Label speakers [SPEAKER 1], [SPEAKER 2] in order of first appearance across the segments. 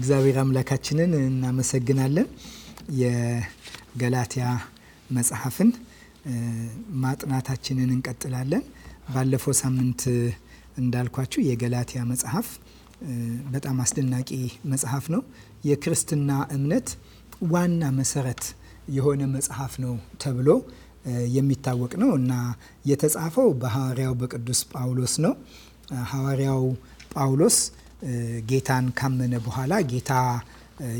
[SPEAKER 1] እግዚአብሔር አምላካችንን እናመሰግናለን። የገላትያ መጽሐፍን ማጥናታችንን እንቀጥላለን። ባለፈው ሳምንት እንዳልኳችሁ የገላትያ መጽሐፍ በጣም አስደናቂ መጽሐፍ ነው። የክርስትና እምነት ዋና መሰረት የሆነ መጽሐፍ ነው ተብሎ የሚታወቅ ነው እና የተጻፈው በሐዋርያው በቅዱስ ጳውሎስ ነው። ሐዋርያው ጳውሎስ ጌታን ካመነ በኋላ ጌታ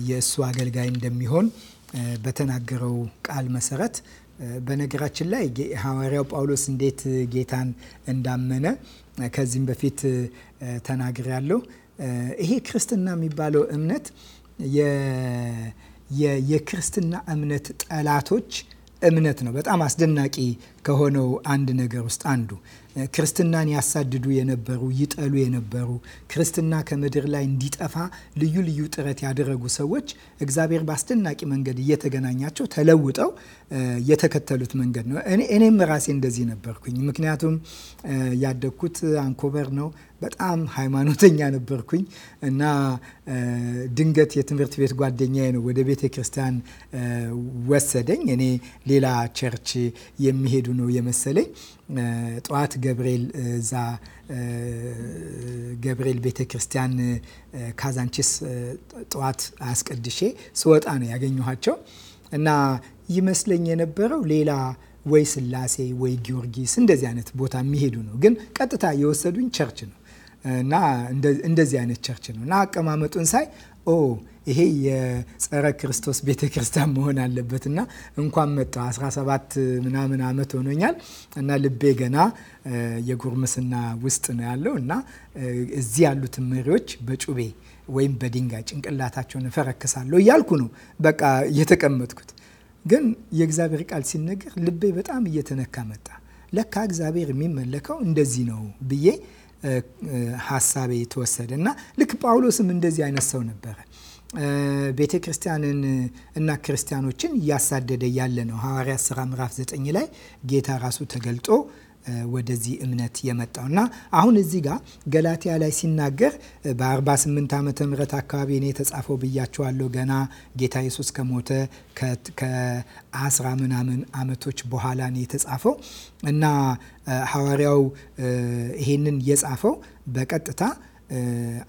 [SPEAKER 1] የእሱ አገልጋይ እንደሚሆን በተናገረው ቃል መሰረት በነገራችን ላይ ሐዋርያው ጳውሎስ እንዴት ጌታን እንዳመነ ከዚህም በፊት ያለው ይሄ ክርስትና የሚባለው እምነት የክርስትና እምነት ጠላቶች እምነት ነው። በጣም አስደናቂ ከሆነው አንድ ነገር ውስጥ አንዱ ክርስትናን ያሳድዱ የነበሩ ይጠሉ የነበሩ ክርስትና ከምድር ላይ እንዲጠፋ ልዩ ልዩ ጥረት ያደረጉ ሰዎች እግዚአብሔር በአስደናቂ መንገድ እየተገናኛቸው ተለውጠው የተከተሉት መንገድ ነው። እኔም ራሴ እንደዚህ ነበርኩኝ። ምክንያቱም ያደግኩት አንኮበር ነው። በጣም ሃይማኖተኛ ነበርኩኝ እና ድንገት የትምህርት ቤት ጓደኛዬ ነው ወደ ቤተ ክርስቲያን ወሰደኝ። እኔ ሌላ ቸርች የሚሄዱ ነው የመሰለኝ። ጠዋት ገብርኤል እዛ ገብርኤል ቤተ ክርስቲያን ካዛንቺስ ጠዋት አስቀድሼ ስወጣ ነው ያገኘኋቸው እና ይመስለኝ የነበረው ሌላ ወይ ስላሴ ወይ ጊዮርጊስ እንደዚህ አይነት ቦታ የሚሄዱ ነው። ግን ቀጥታ የወሰዱኝ ቸርች ነው እና እንደዚህ አይነት ቸርች ነው እና አቀማመጡን ሳይ ኦ ይሄ የጸረ ክርስቶስ ቤተ ክርስቲያን መሆን አለበት እና እንኳን መጣ 17 ምናምን ዓመት ሆኖኛል እና ልቤ ገና የጉርምስና ውስጥ ነው ያለው እና እዚህ ያሉትን መሪዎች በጩቤ ወይም በድንጋይ ጭንቅላታቸውን እፈረክሳለሁ እያልኩ ነው በቃ የተቀመጥኩት። ግን የእግዚአብሔር ቃል ሲነገር ልቤ በጣም እየተነካ መጣ። ለካ እግዚአብሔር የሚመለከው እንደዚህ ነው ብዬ ሀሳቤ የተወሰደ እና ልክ ጳውሎስም እንደዚህ አይነት ሰው ነበረ። ቤተ ክርስቲያንን እና ክርስቲያኖችን እያሳደደ ያለ ነው። ሐዋርያት ስራ ምዕራፍ 9 ላይ ጌታ ራሱ ተገልጦ ወደዚህ እምነት የመጣው እና አሁን እዚህ ጋር ገላትያ ላይ ሲናገር በ48 ዓመተ ምህረት አካባቢ እኔ የተጻፈው ብያቸዋለሁ። ገና ጌታ ኢየሱስ ከሞተ ከአስራ ምናምን ዓመቶች በኋላ ነው የተጻፈው እና ሐዋርያው ይሄንን የጻፈው በቀጥታ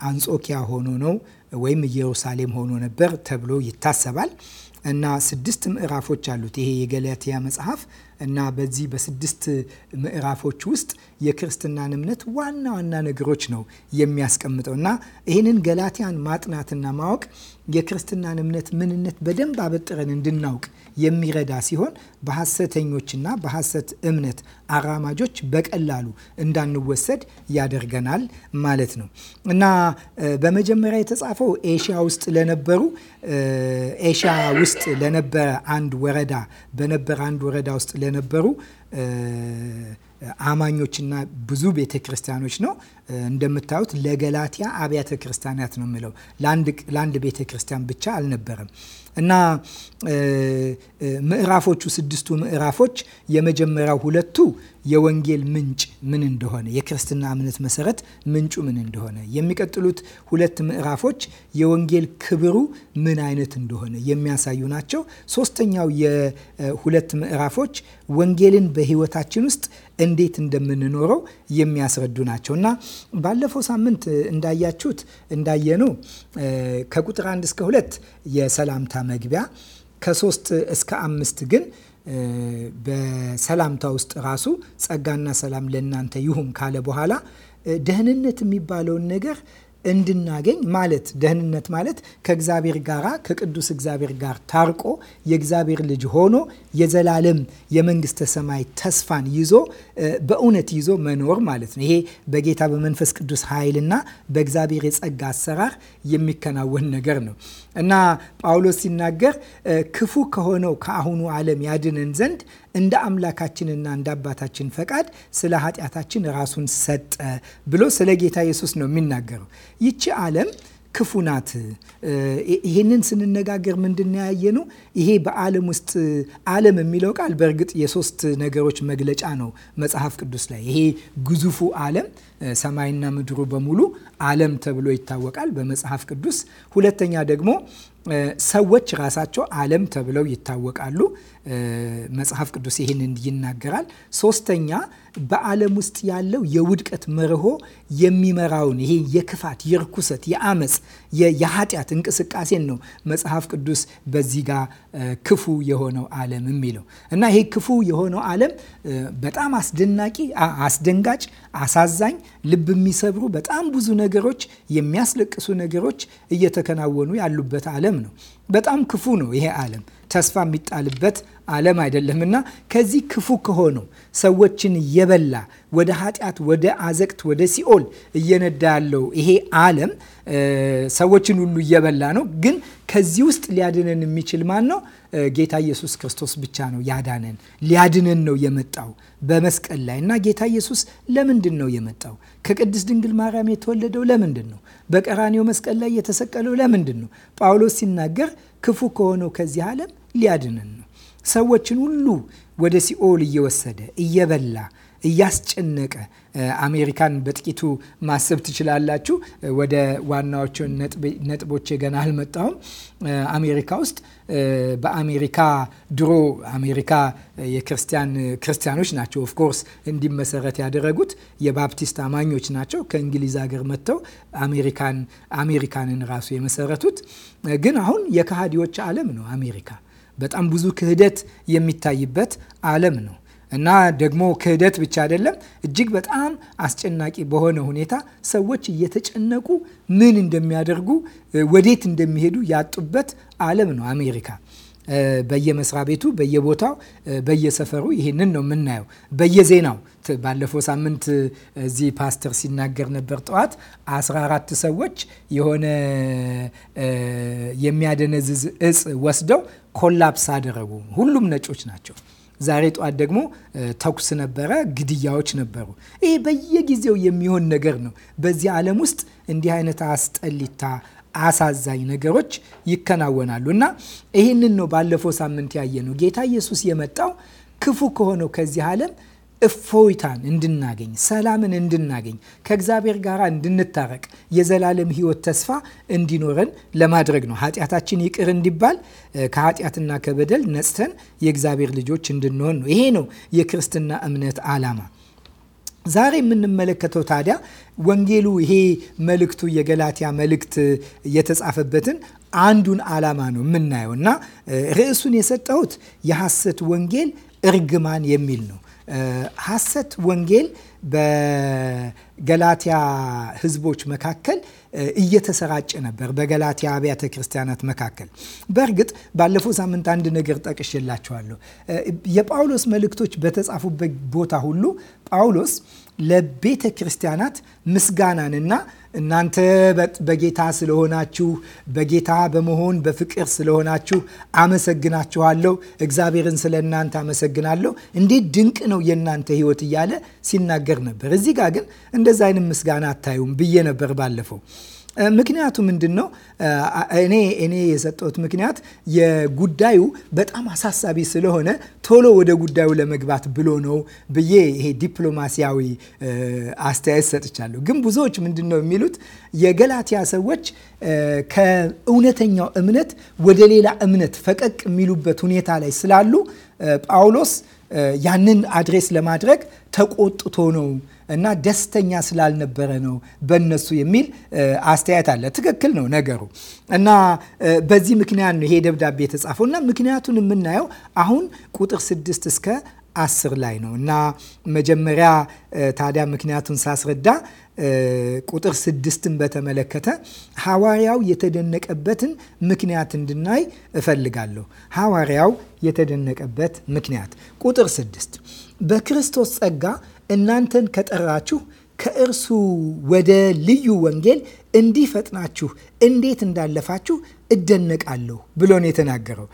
[SPEAKER 1] አንጾኪያ ሆኖ ነው ወይም ኢየሩሳሌም ሆኖ ነበር ተብሎ ይታሰባል እና ስድስት ምዕራፎች አሉት ይሄ የገላትያ መጽሐፍ እና በዚህ በስድስት ምዕራፎች ውስጥ የክርስትናን እምነት ዋና ዋና ነገሮች ነው የሚያስቀምጠው እና ይህንን ገላትያን ማጥናትና ማወቅ የክርስትናን እምነት ምንነት በደንብ አበጥረን እንድናውቅ የሚረዳ ሲሆን በሐሰተኞችና በሐሰት እምነት አራማጆች በቀላሉ እንዳንወሰድ ያደርገናል ማለት ነው እና በመጀመሪያ የተጻፈው ኤሽያ ውስጥ ለነበሩ ኤሽያ ውስጥ ለነበረ አንድ ወረዳ በነበረ አንድ ወረዳ ውስጥ ለነበሩ አማኞችና ብዙ ቤተ ክርስቲያኖች ነው። እንደምታዩት ለገላትያ አብያተ ክርስቲያናት ነው የሚለው ለአንድ ቤተ ክርስቲያን ብቻ አልነበረም። እና ምዕራፎቹ ስድስቱ ምዕራፎች የመጀመሪያው ሁለቱ የወንጌል ምንጭ ምን እንደሆነ የክርስትና እምነት መሰረት ምንጩ ምን እንደሆነ፣ የሚቀጥሉት ሁለት ምዕራፎች የወንጌል ክብሩ ምን አይነት እንደሆነ የሚያሳዩ ናቸው። ሶስተኛው የሁለት ምዕራፎች ወንጌልን በህይወታችን ውስጥ እንዴት እንደምንኖረው የሚያስረዱ ናቸው እና ባለፈው ሳምንት እንዳያችሁት እንዳየነው ከቁጥር አንድ እስከ ሁለት የሰላምታ መግቢያ ከሶስት እስከ አምስት ግን በሰላምታ ውስጥ ራሱ ጸጋና ሰላም ለእናንተ ይሁን ካለ በኋላ ደህንነት የሚባለውን ነገር እንድናገኝ ማለት ደህንነት ማለት ከእግዚአብሔር ጋር ከቅዱስ እግዚአብሔር ጋር ታርቆ የእግዚአብሔር ልጅ ሆኖ የዘላለም የመንግስተ ሰማይ ተስፋን ይዞ በእውነት ይዞ መኖር ማለት ነው። ይሄ በጌታ በመንፈስ ቅዱስ ኃይልና በእግዚአብሔር የጸጋ አሰራር የሚከናወን ነገር ነው እና ጳውሎስ ሲናገር ክፉ ከሆነው ከአሁኑ ዓለም ያድነን ዘንድ እንደ አምላካችንና እንደ አባታችን ፈቃድ ስለ ኃጢአታችን ራሱን ሰጠ ብሎ ስለ ጌታ ኢየሱስ ነው የሚናገረው። ይቺ ዓለም ክፉ ናት። ይህንን ስንነጋገር ምንድን ያየ ነው? ይሄ በዓለም ውስጥ ዓለም የሚለው ቃል በእርግጥ የሶስት ነገሮች መግለጫ ነው መጽሐፍ ቅዱስ ላይ። ይሄ ግዙፉ ዓለም ሰማይና ምድሩ በሙሉ ዓለም ተብሎ ይታወቃል በመጽሐፍ ቅዱስ። ሁለተኛ ደግሞ ሰዎች ራሳቸው ዓለም ተብለው ይታወቃሉ። መጽሐፍ ቅዱስ ይህንን ይናገራል። ሶስተኛ በዓለም ውስጥ ያለው የውድቀት መርሆ የሚመራውን ይሄ የክፋት፣ የርኩሰት፣ የአመፅ፣ የኃጢአት እንቅስቃሴን ነው መጽሐፍ ቅዱስ በዚህ ጋር ክፉ የሆነው ዓለም የሚለው እና ይሄ ክፉ የሆነው ዓለም በጣም አስደናቂ፣ አስደንጋጭ፣ አሳዛኝ፣ ልብ የሚሰብሩ በጣም ብዙ ነገር ነገሮች፣ የሚያስለቅሱ ነገሮች እየተከናወኑ ያሉበት ዓለም ነው። በጣም ክፉ ነው ይሄ ዓለም ተስፋ የሚጣልበት ዓለም እና ከዚህ ክፉ ከሆነው ሰዎችን እየበላ ወደ ኃጢአት፣ ወደ አዘቅት፣ ወደ ሲኦል እየነዳ ያለው ይሄ ዓለም ሰዎችን ሁሉ እየበላ ነው። ግን ከዚህ ውስጥ ሊያድነን የሚችል ማን ነው? ጌታ ኢየሱስ ክርስቶስ ብቻ ነው ያዳነን። ሊያድነን ነው የመጣው በመስቀል ላይ እና ጌታ ኢየሱስ ለምንድን ነው የመጣው? ከቅድስት ድንግል ማርያም የተወለደው ለምንድን ነው? በቀራኒው መስቀል ላይ የተሰቀለው ለምንድን ነው? ጳውሎስ ሲናገር ክፉ ከሆነው ከዚህ ዓለም ሊያድንን ነው። ሰዎችን ሁሉ ወደ ሲኦል እየወሰደ እየበላ እያስጨነቀ አሜሪካን በጥቂቱ ማሰብ ትችላላችሁ። ወደ ዋናዎቹ ነጥቦቼ ገና አልመጣሁም። አሜሪካ ውስጥ በአሜሪካ ድሮ አሜሪካ የክርስቲያን ክርስቲያኖች ናቸው ኦፍኮርስ እንዲመሰረት ያደረጉት የባፕቲስት አማኞች ናቸው። ከእንግሊዝ ሀገር መጥተው አሜሪካን አሜሪካንን ራሱ የመሰረቱት ግን አሁን የካሃዲዎች ዓለም ነው አሜሪካ። በጣም ብዙ ክህደት የሚታይበት ዓለም ነው። እና ደግሞ ክህደት ብቻ አይደለም፣ እጅግ በጣም አስጨናቂ በሆነ ሁኔታ ሰዎች እየተጨነቁ ምን እንደሚያደርጉ ወዴት እንደሚሄዱ ያጡበት ዓለም ነው አሜሪካ። በየመስሪያ ቤቱ፣ በየቦታው፣ በየሰፈሩ ይህንን ነው የምናየው። በየዜናው ባለፈው ሳምንት እዚህ ፓስተር ሲናገር ነበር። ጠዋት 14 ሰዎች የሆነ የሚያደነዝዝ እጽ ወስደው ኮላፕስ አደረጉ። ሁሉም ነጮች ናቸው። ዛሬ ጠዋት ደግሞ ተኩስ ነበረ፣ ግድያዎች ነበሩ። ይህ በየጊዜው የሚሆን ነገር ነው። በዚህ ዓለም ውስጥ እንዲህ አይነት አስጠሊታ አሳዛኝ ነገሮች ይከናወናሉ እና ይህንን ነው ባለፈው ሳምንት ያየ ነው ጌታ ኢየሱስ የመጣው ክፉ ከሆነው ከዚህ ዓለም እፎይታን እንድናገኝ፣ ሰላምን እንድናገኝ፣ ከእግዚአብሔር ጋር እንድንታረቅ፣ የዘላለም ሕይወት ተስፋ እንዲኖረን ለማድረግ ነው። ኃጢአታችን ይቅር እንዲባል ከኃጢአትና ከበደል ነጽተን የእግዚአብሔር ልጆች እንድንሆን ነው። ይሄ ነው የክርስትና እምነት ዓላማ። ዛሬ የምንመለከተው ታዲያ ወንጌሉ ይሄ መልእክቱ የገላትያ መልእክት የተጻፈበትን አንዱን ዓላማ ነው የምናየው እና ርዕሱን የሰጠሁት የሐሰት ወንጌል እርግማን የሚል ነው። ሐሰት ወንጌል በገላትያ ህዝቦች መካከል እየተሰራጨ ነበር፣ በገላትያ አብያተ ክርስቲያናት መካከል። በእርግጥ ባለፈው ሳምንት አንድ ነገር ጠቅሼላችኋለሁ። የጳውሎስ መልእክቶች በተጻፉበት ቦታ ሁሉ ጳውሎስ ለቤተ ክርስቲያናት ምስጋናንና እናንተ በጌታ ስለሆናችሁ በጌታ በመሆን በፍቅር ስለሆናችሁ አመሰግናችኋለሁ፣ እግዚአብሔርን ስለ እናንተ አመሰግናለሁ፣ እንዴት ድንቅ ነው የእናንተ ሕይወት እያለ ሲናገር ነበር። እዚህ ጋር ግን እንደዛ አይነት ምስጋና አታዩም ብዬ ነበር ባለፈው ምክንያቱ ምንድን ነው? እኔ እኔ የሰጠሁት ምክንያት የጉዳዩ በጣም አሳሳቢ ስለሆነ ቶሎ ወደ ጉዳዩ ለመግባት ብሎ ነው ብዬ ይሄ ዲፕሎማሲያዊ አስተያየት ሰጥቻለሁ። ግን ብዙዎች ምንድን ነው የሚሉት የገላትያ ሰዎች ከእውነተኛው እምነት ወደ ሌላ እምነት ፈቀቅ የሚሉበት ሁኔታ ላይ ስላሉ ጳውሎስ ያንን አድሬስ ለማድረግ ተቆጥቶ ነው እና ደስተኛ ስላልነበረ ነው በነሱ የሚል አስተያየት አለ። ትክክል ነው ነገሩ እና በዚህ ምክንያት ነው ይሄ ደብዳቤ የተጻፈው እና ምክንያቱን የምናየው አሁን ቁጥር ስድስት እስከ አስር ላይ ነው እና መጀመሪያ ታዲያ ምክንያቱን ሳስረዳ ቁጥር ስድስትን በተመለከተ ሐዋርያው የተደነቀበትን ምክንያት እንድናይ እፈልጋለሁ። ሐዋርያው የተደነቀበት ምክንያት ቁጥር ስድስት በክርስቶስ ጸጋ እናንተን ከጠራችሁ ከእርሱ ወደ ልዩ ወንጌል እንዲፈጥናችሁ እንዴት እንዳለፋችሁ እደነቃለሁ ብሎ ነው የተናገረው።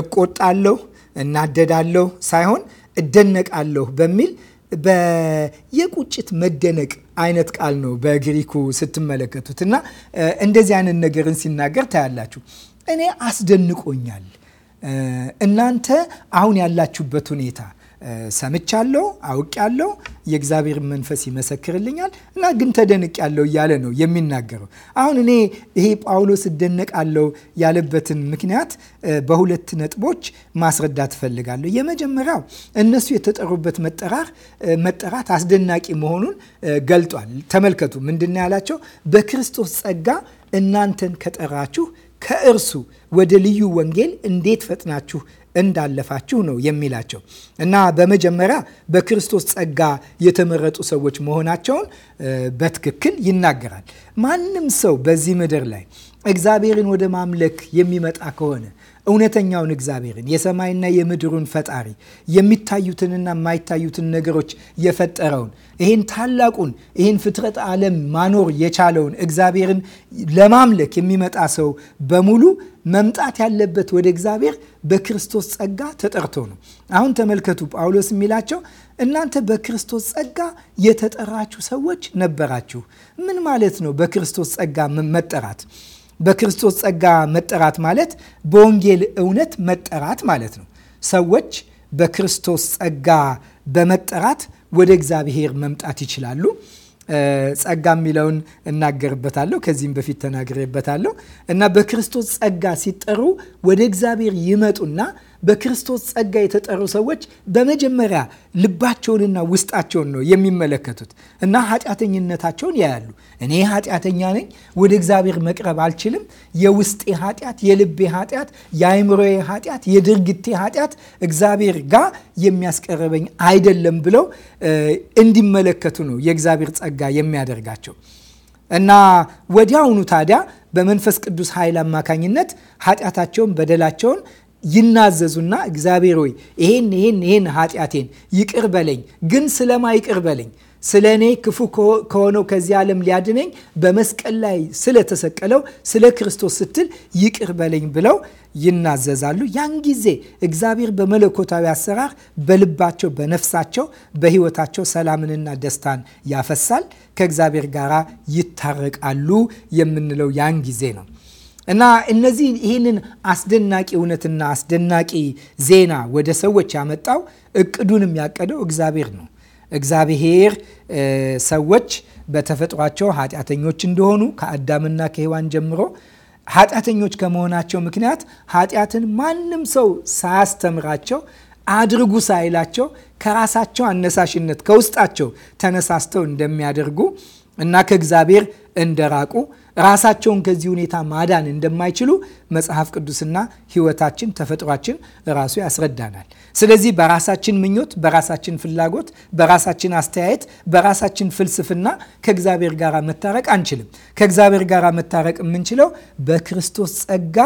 [SPEAKER 1] እቆጣለሁ፣ እናደዳለሁ ሳይሆን እደነቃለሁ በሚል የቁጭት መደነቅ አይነት ቃል ነው በግሪኩ ስትመለከቱት እና እንደዚህ አይነት ነገርን ሲናገር ታያላችሁ። እኔ አስደንቆኛል እናንተ አሁን ያላችሁበት ሁኔታ ሰምቻለሁ፣ አውቄያለሁ፣ የእግዚአብሔር መንፈስ ይመሰክርልኛል እና ግን ተደንቄያለሁ እያለ ነው የሚናገረው። አሁን እኔ ይሄ ጳውሎስ እደነቃለሁ ያለበትን ምክንያት በሁለት ነጥቦች ማስረዳት እፈልጋለሁ። የመጀመሪያው እነሱ የተጠሩበት መጠራር መጠራት አስደናቂ መሆኑን ገልጧል። ተመልከቱ፣ ምንድን ያላቸው? በክርስቶስ ጸጋ እናንተን ከጠራችሁ ከእርሱ ወደ ልዩ ወንጌል እንዴት ፈጥናችሁ እንዳለፋችሁ ነው የሚላቸው እና በመጀመሪያ በክርስቶስ ጸጋ የተመረጡ ሰዎች መሆናቸውን በትክክል ይናገራል። ማንም ሰው በዚህ ምድር ላይ እግዚአብሔርን ወደ ማምለክ የሚመጣ ከሆነ እውነተኛውን እግዚአብሔርን የሰማይና የምድሩን ፈጣሪ የሚታዩትንና የማይታዩትን ነገሮች የፈጠረውን ይህን ታላቁን ይህን ፍጥረት ዓለም ማኖር የቻለውን እግዚአብሔርን ለማምለክ የሚመጣ ሰው በሙሉ መምጣት ያለበት ወደ እግዚአብሔር በክርስቶስ ጸጋ ተጠርቶ ነው። አሁን ተመልከቱ፣ ጳውሎስ የሚላቸው እናንተ በክርስቶስ ጸጋ የተጠራችሁ ሰዎች ነበራችሁ። ምን ማለት ነው በክርስቶስ ጸጋ መጠራት? በክርስቶስ ጸጋ መጠራት ማለት በወንጌል እውነት መጠራት ማለት ነው። ሰዎች በክርስቶስ ጸጋ በመጠራት ወደ እግዚአብሔር መምጣት ይችላሉ። ጸጋ የሚለውን እናገርበታለሁ። ከዚህም በፊት ተናግሬበታለሁ እና በክርስቶስ ጸጋ ሲጠሩ ወደ እግዚአብሔር ይመጡና በክርስቶስ ጸጋ የተጠሩ ሰዎች በመጀመሪያ ልባቸውንና ውስጣቸውን ነው የሚመለከቱት እና ኃጢአተኝነታቸውን ያያሉ። እኔ ኃጢአተኛ ነኝ፣ ወደ እግዚአብሔር መቅረብ አልችልም። የውስጤ ኃጢአት፣ የልቤ ኃጢአት፣ የአይምሮዬ ኃጢአት፣ የድርጊቴ ኃጢአት እግዚአብሔር ጋር የሚያስቀርበኝ አይደለም ብለው እንዲመለከቱ ነው የእግዚአብሔር ጸጋ የሚያደርጋቸው እና ወዲያውኑ ታዲያ በመንፈስ ቅዱስ ኃይል አማካኝነት ኃጢአታቸውን፣ በደላቸውን፣ ይናዘዙና እግዚአብሔር ሆይ ይሄን ይሄን ይሄን ኃጢአቴን ይቅር በለኝ፣ ግን ስለማ ይቅር በለኝ ስለ እኔ ክፉ ከሆነው ከዚህ ዓለም ሊያድነኝ በመስቀል ላይ ስለተሰቀለው ስለ ክርስቶስ ስትል ይቅር በለኝ ብለው ይናዘዛሉ። ያን ጊዜ እግዚአብሔር በመለኮታዊ አሰራር በልባቸው፣ በነፍሳቸው፣ በሕይወታቸው ሰላምንና ደስታን ያፈሳል። ከእግዚአብሔር ጋር ይታረቃሉ የምንለው ያን ጊዜ ነው። እና እነዚህ ይህንን አስደናቂ እውነትና አስደናቂ ዜና ወደ ሰዎች ያመጣው እቅዱንም ያቀደው እግዚአብሔር ነው። እግዚአብሔር ሰዎች በተፈጥሯቸው ኃጢአተኞች እንደሆኑ ከአዳምና ከሔዋን ጀምሮ ኃጢአተኞች ከመሆናቸው ምክንያት ኃጢአትን ማንም ሰው ሳያስተምራቸው አድርጉ ሳይላቸው ከራሳቸው አነሳሽነት ከውስጣቸው ተነሳስተው እንደሚያደርጉ እና ከእግዚአብሔር እንደራቁ ራሳቸውን ከዚህ ሁኔታ ማዳን እንደማይችሉ መጽሐፍ ቅዱስና ሕይወታችን ተፈጥሯችን ራሱ ያስረዳናል። ስለዚህ በራሳችን ምኞት፣ በራሳችን ፍላጎት፣ በራሳችን አስተያየት፣ በራሳችን ፍልስፍና ከእግዚአብሔር ጋር መታረቅ አንችልም። ከእግዚአብሔር ጋር መታረቅ የምንችለው በክርስቶስ ጸጋ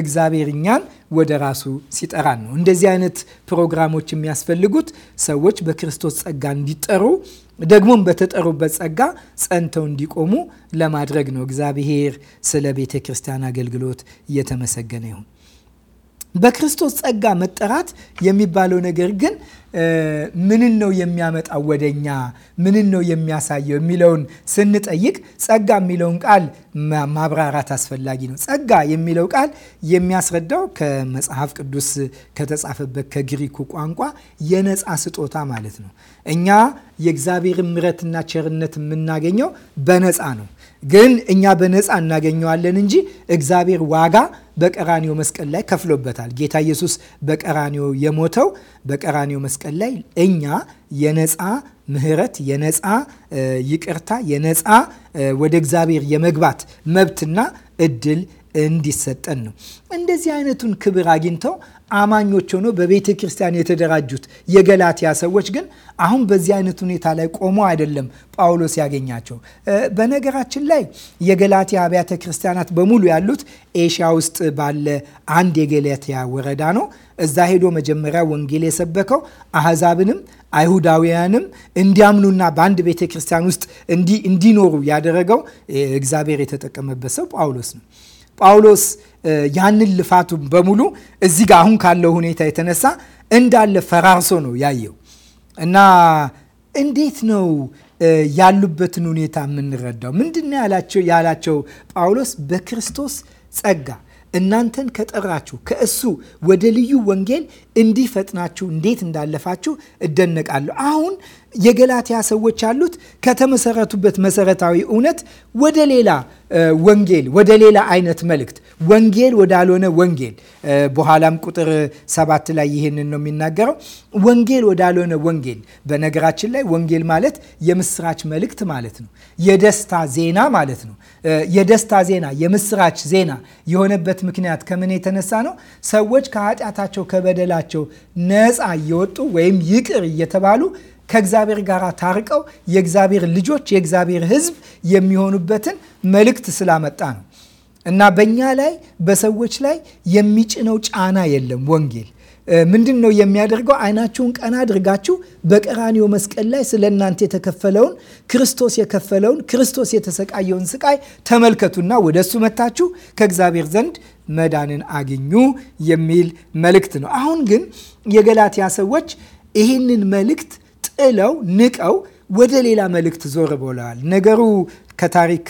[SPEAKER 1] እግዚአብሔር እኛን ወደ ራሱ ሲጠራን ነው። እንደዚህ አይነት ፕሮግራሞች የሚያስፈልጉት ሰዎች በክርስቶስ ጸጋ እንዲጠሩ ደግሞም በተጠሩበት ጸጋ ጸንተው እንዲቆሙ ለማድረግ ነው። እግዚአብሔር ስለ ቤተ ክርስቲያን አገልግሎት እየተመሰገነ ይሁን። በክርስቶስ ጸጋ መጠራት የሚባለው ነገር ግን ምንን ነው የሚያመጣው ወደኛ ምንን ነው የሚያሳየው የሚለውን ስንጠይቅ ጸጋ የሚለውን ቃል ማብራራት አስፈላጊ ነው። ጸጋ የሚለው ቃል የሚያስረዳው ከመጽሐፍ ቅዱስ ከተጻፈበት ከግሪኩ ቋንቋ የነፃ ስጦታ ማለት ነው። እኛ የእግዚአብሔር ምሕረትና ቸርነት የምናገኘው በነፃ ነው። ግን እኛ በነፃ እናገኘዋለን እንጂ እግዚአብሔር ዋጋ በቀራኒዮ መስቀል ላይ ከፍሎበታል። ጌታ ኢየሱስ በቀራኒዮ የሞተው በቀራኒዮ መስቀል ላይ እኛ የነፃ ምህረት የነፃ ይቅርታ፣ የነፃ ወደ እግዚአብሔር የመግባት መብትና እድል እንዲሰጠን ነው። እንደዚህ አይነቱን ክብር አግኝተው አማኞች ሆኖ በቤተ ክርስቲያን የተደራጁት የገላትያ ሰዎች ግን አሁን በዚህ አይነት ሁኔታ ላይ ቆሞ አይደለም ጳውሎስ ያገኛቸው። በነገራችን ላይ የገላትያ አብያተ ክርስቲያናት በሙሉ ያሉት ኤሽያ ውስጥ ባለ አንድ የገላትያ ወረዳ ነው። እዛ ሄዶ መጀመሪያ ወንጌል የሰበከው አህዛብንም አይሁዳውያንም እንዲያምኑና በአንድ ቤተ ክርስቲያን ውስጥ እንዲኖሩ ያደረገው እግዚአብሔር የተጠቀመበት ሰው ጳውሎስ ነው። ጳውሎስ ያንን ልፋቱን በሙሉ እዚህ ጋር አሁን ካለው ሁኔታ የተነሳ እንዳለ ፈራርሶ ነው ያየው እና እንዴት ነው ያሉበትን ሁኔታ የምንረዳው? ምንድን ያላቸው ያላቸው ጳውሎስ በክርስቶስ ጸጋ እናንተን ከጠራችሁ ከእሱ ወደ ልዩ ወንጌል እንዲፈጥናችሁ እንዴት እንዳለፋችሁ እደነቃለሁ። አሁን የገላትያ ሰዎች ያሉት ከተመሰረቱበት መሰረታዊ እውነት ወደ ሌላ ወንጌል ወደ ሌላ አይነት መልእክት ወንጌል ወዳልሆነ ወንጌል በኋላም ቁጥር ሰባት ላይ ይህንን ነው የሚናገረው። ወንጌል ወዳልሆነ ወንጌል። በነገራችን ላይ ወንጌል ማለት የምስራች መልእክት ማለት ነው። የደስታ ዜና ማለት ነው። የደስታ ዜና፣ የምስራች ዜና የሆነበት ምክንያት ከምን የተነሳ ነው? ሰዎች ከኃጢአታቸው ከበደላቸው ነፃ እየወጡ ወይም ይቅር እየተባሉ ከእግዚአብሔር ጋር ታርቀው የእግዚአብሔር ልጆች የእግዚአብሔር ሕዝብ የሚሆኑበትን መልእክት ስላመጣ ነው እና በእኛ ላይ በሰዎች ላይ የሚጭነው ጫና የለም። ወንጌል ምንድን ነው የሚያደርገው? አይናችሁን ቀና አድርጋችሁ በቀራኒው መስቀል ላይ ስለ እናንተ የተከፈለውን ክርስቶስ የከፈለውን ክርስቶስ የተሰቃየውን ስቃይ ተመልከቱና ወደ እሱ መታችሁ ከእግዚአብሔር ዘንድ መዳንን አግኙ የሚል መልእክት ነው። አሁን ግን የገላትያ ሰዎች ይህንን መልእክት ጥለው ንቀው ወደ ሌላ መልእክት ዞር ብለዋል። ነገሩ ከታሪክ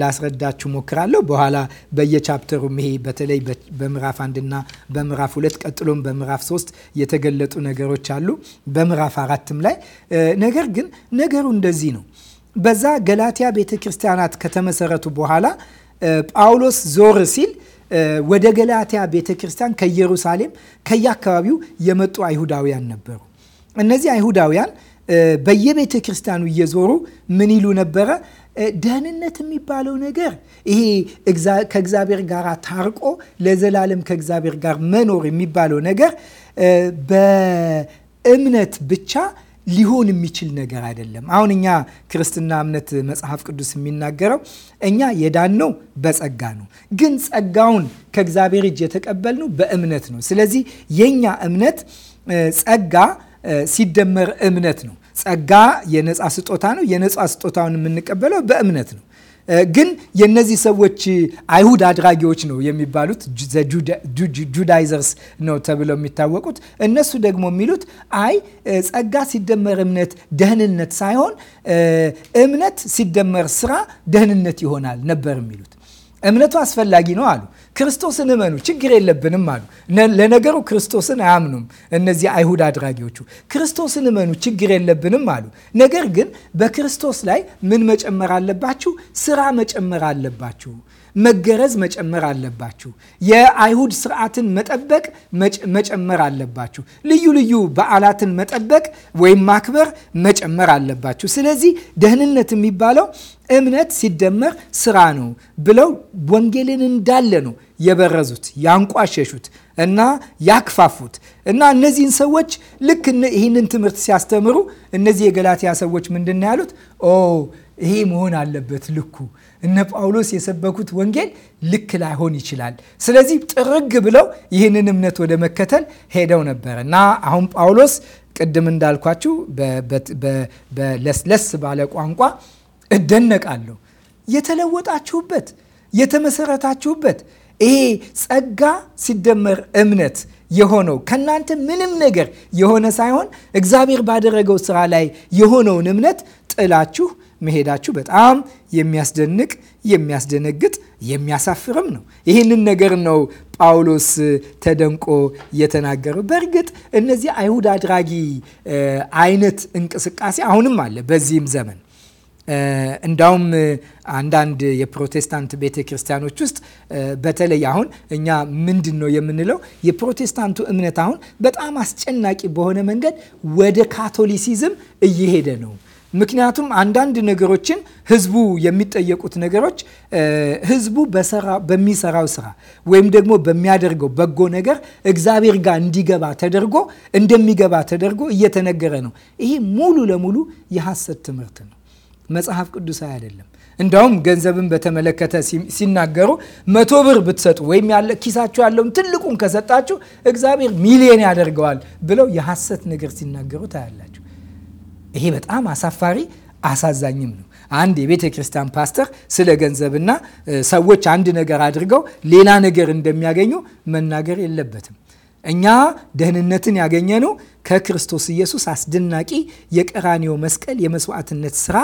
[SPEAKER 1] ላስረዳችሁ ሞክራለሁ። በኋላ በየቻፕተሩ ይሄ በተለይ በምዕራፍ አንድና በምዕራፍ ሁለት ቀጥሎም በምዕራፍ ሶስት የተገለጡ ነገሮች አሉ። በምዕራፍ አራትም ላይ ነገር ግን ነገሩ እንደዚህ ነው። በዛ ገላትያ ቤተ ክርስቲያናት ከተመሰረቱ በኋላ ጳውሎስ ዞር ሲል ወደ ገላትያ ቤተ ክርስቲያን ከኢየሩሳሌም ከየአካባቢው የመጡ አይሁዳውያን ነበሩ። እነዚህ አይሁዳውያን በየቤተ ክርስቲያኑ እየዞሩ ምን ይሉ ነበረ? ደህንነት የሚባለው ነገር ይሄ ከእግዚአብሔር ጋር ታርቆ ለዘላለም ከእግዚአብሔር ጋር መኖር የሚባለው ነገር በእምነት ብቻ ሊሆን የሚችል ነገር አይደለም። አሁን እኛ ክርስትና እምነት መጽሐፍ ቅዱስ የሚናገረው እኛ የዳነው በጸጋ ነው፣ ግን ጸጋውን ከእግዚአብሔር እጅ የተቀበልነው በእምነት ነው። ስለዚህ የእኛ እምነት ጸጋ ሲደመር እምነት ነው። ጸጋ የነፃ ስጦታ ነው። የነፃ ስጦታውን የምንቀበለው በእምነት ነው። ግን የነዚህ ሰዎች አይሁድ አድራጊዎች ነው የሚባሉት ጁዳይዘርስ ነው ተብለው የሚታወቁት። እነሱ ደግሞ የሚሉት አይ ጸጋ ሲደመር እምነት ደህንነት ሳይሆን እምነት ሲደመር ስራ ደህንነት ይሆናል ነበር የሚሉት። እምነቱ አስፈላጊ ነው አሉ። ክርስቶስን እመኑ ችግር የለብንም አሉ። ለነገሩ ክርስቶስን አያምኑም እነዚህ አይሁድ አድራጊዎቹ። ክርስቶስን እመኑ ችግር የለብንም አሉ። ነገር ግን በክርስቶስ ላይ ምን መጨመር አለባችሁ? ስራ መጨመር አለባችሁ። መገረዝ መጨመር አለባችሁ። የአይሁድ ስርዓትን መጠበቅ መጨመር አለባችሁ። ልዩ ልዩ በዓላትን መጠበቅ ወይም ማክበር መጨመር አለባችሁ። ስለዚህ ደህንነት የሚባለው እምነት ሲደመር ስራ ነው ብለው ወንጌልን እንዳለ ነው የበረዙት፣ ያንቋሸሹት እና ያክፋፉት እና እነዚህን ሰዎች ልክ ይህንን ትምህርት ሲያስተምሩ እነዚህ የገላትያ ሰዎች ምንድን ያሉት? ኦ ይሄ መሆን አለበት ልኩ እነ ጳውሎስ የሰበኩት ወንጌል ልክ ላይሆን ይችላል። ስለዚህ ጥርግ ብለው ይህንን እምነት ወደ መከተል ሄደው ነበረ እና አሁን ጳውሎስ ቅድም እንዳልኳችሁ በለስለስ ባለ ቋንቋ እደነቃለሁ የተለወጣችሁበት የተመሰረታችሁበት ይሄ ጸጋ ሲደመር እምነት የሆነው ከእናንተ ምንም ነገር የሆነ ሳይሆን እግዚአብሔር ባደረገው ስራ ላይ የሆነውን እምነት ጥላችሁ መሄዳችሁ በጣም የሚያስደንቅ የሚያስደነግጥ የሚያሳፍርም ነው። ይህንን ነገር ነው ጳውሎስ ተደንቆ የተናገረው። በእርግጥ እነዚህ አይሁድ አድራጊ አይነት እንቅስቃሴ አሁንም አለ በዚህም ዘመን እንዳውም አንዳንድ የፕሮቴስታንት ቤተ ክርስቲያኖች ውስጥ በተለይ አሁን እኛ ምንድን ነው የምንለው የፕሮቴስታንቱ እምነት አሁን በጣም አስጨናቂ በሆነ መንገድ ወደ ካቶሊሲዝም እየሄደ ነው ምክንያቱም አንዳንድ ነገሮችን ህዝቡ የሚጠየቁት ነገሮች ህዝቡ በሚሰራው ስራ ወይም ደግሞ በሚያደርገው በጎ ነገር እግዚአብሔር ጋር እንዲገባ ተደርጎ እንደሚገባ ተደርጎ እየተነገረ ነው። ይሄ ሙሉ ለሙሉ የሐሰት ትምህርት ነው፣ መጽሐፍ ቅዱሳዊ አይደለም። እንዳውም ገንዘብን በተመለከተ ሲናገሩ መቶ ብር ብትሰጡ ወይም ያለ ኪሳችሁ ያለውን ትልቁን ከሰጣችሁ እግዚአብሔር ሚሊዮን ያደርገዋል ብለው የሐሰት ነገር ሲናገሩ ታያላችሁ። ይሄ በጣም አሳፋሪ አሳዛኝም ነው። አንድ የቤተ ክርስቲያን ፓስተር ስለ ገንዘብና ሰዎች አንድ ነገር አድርገው ሌላ ነገር እንደሚያገኙ መናገር የለበትም። እኛ ደህንነትን ያገኘነው ከክርስቶስ ኢየሱስ አስደናቂ የቀራኒዮ መስቀል የመስዋዕትነት ስራ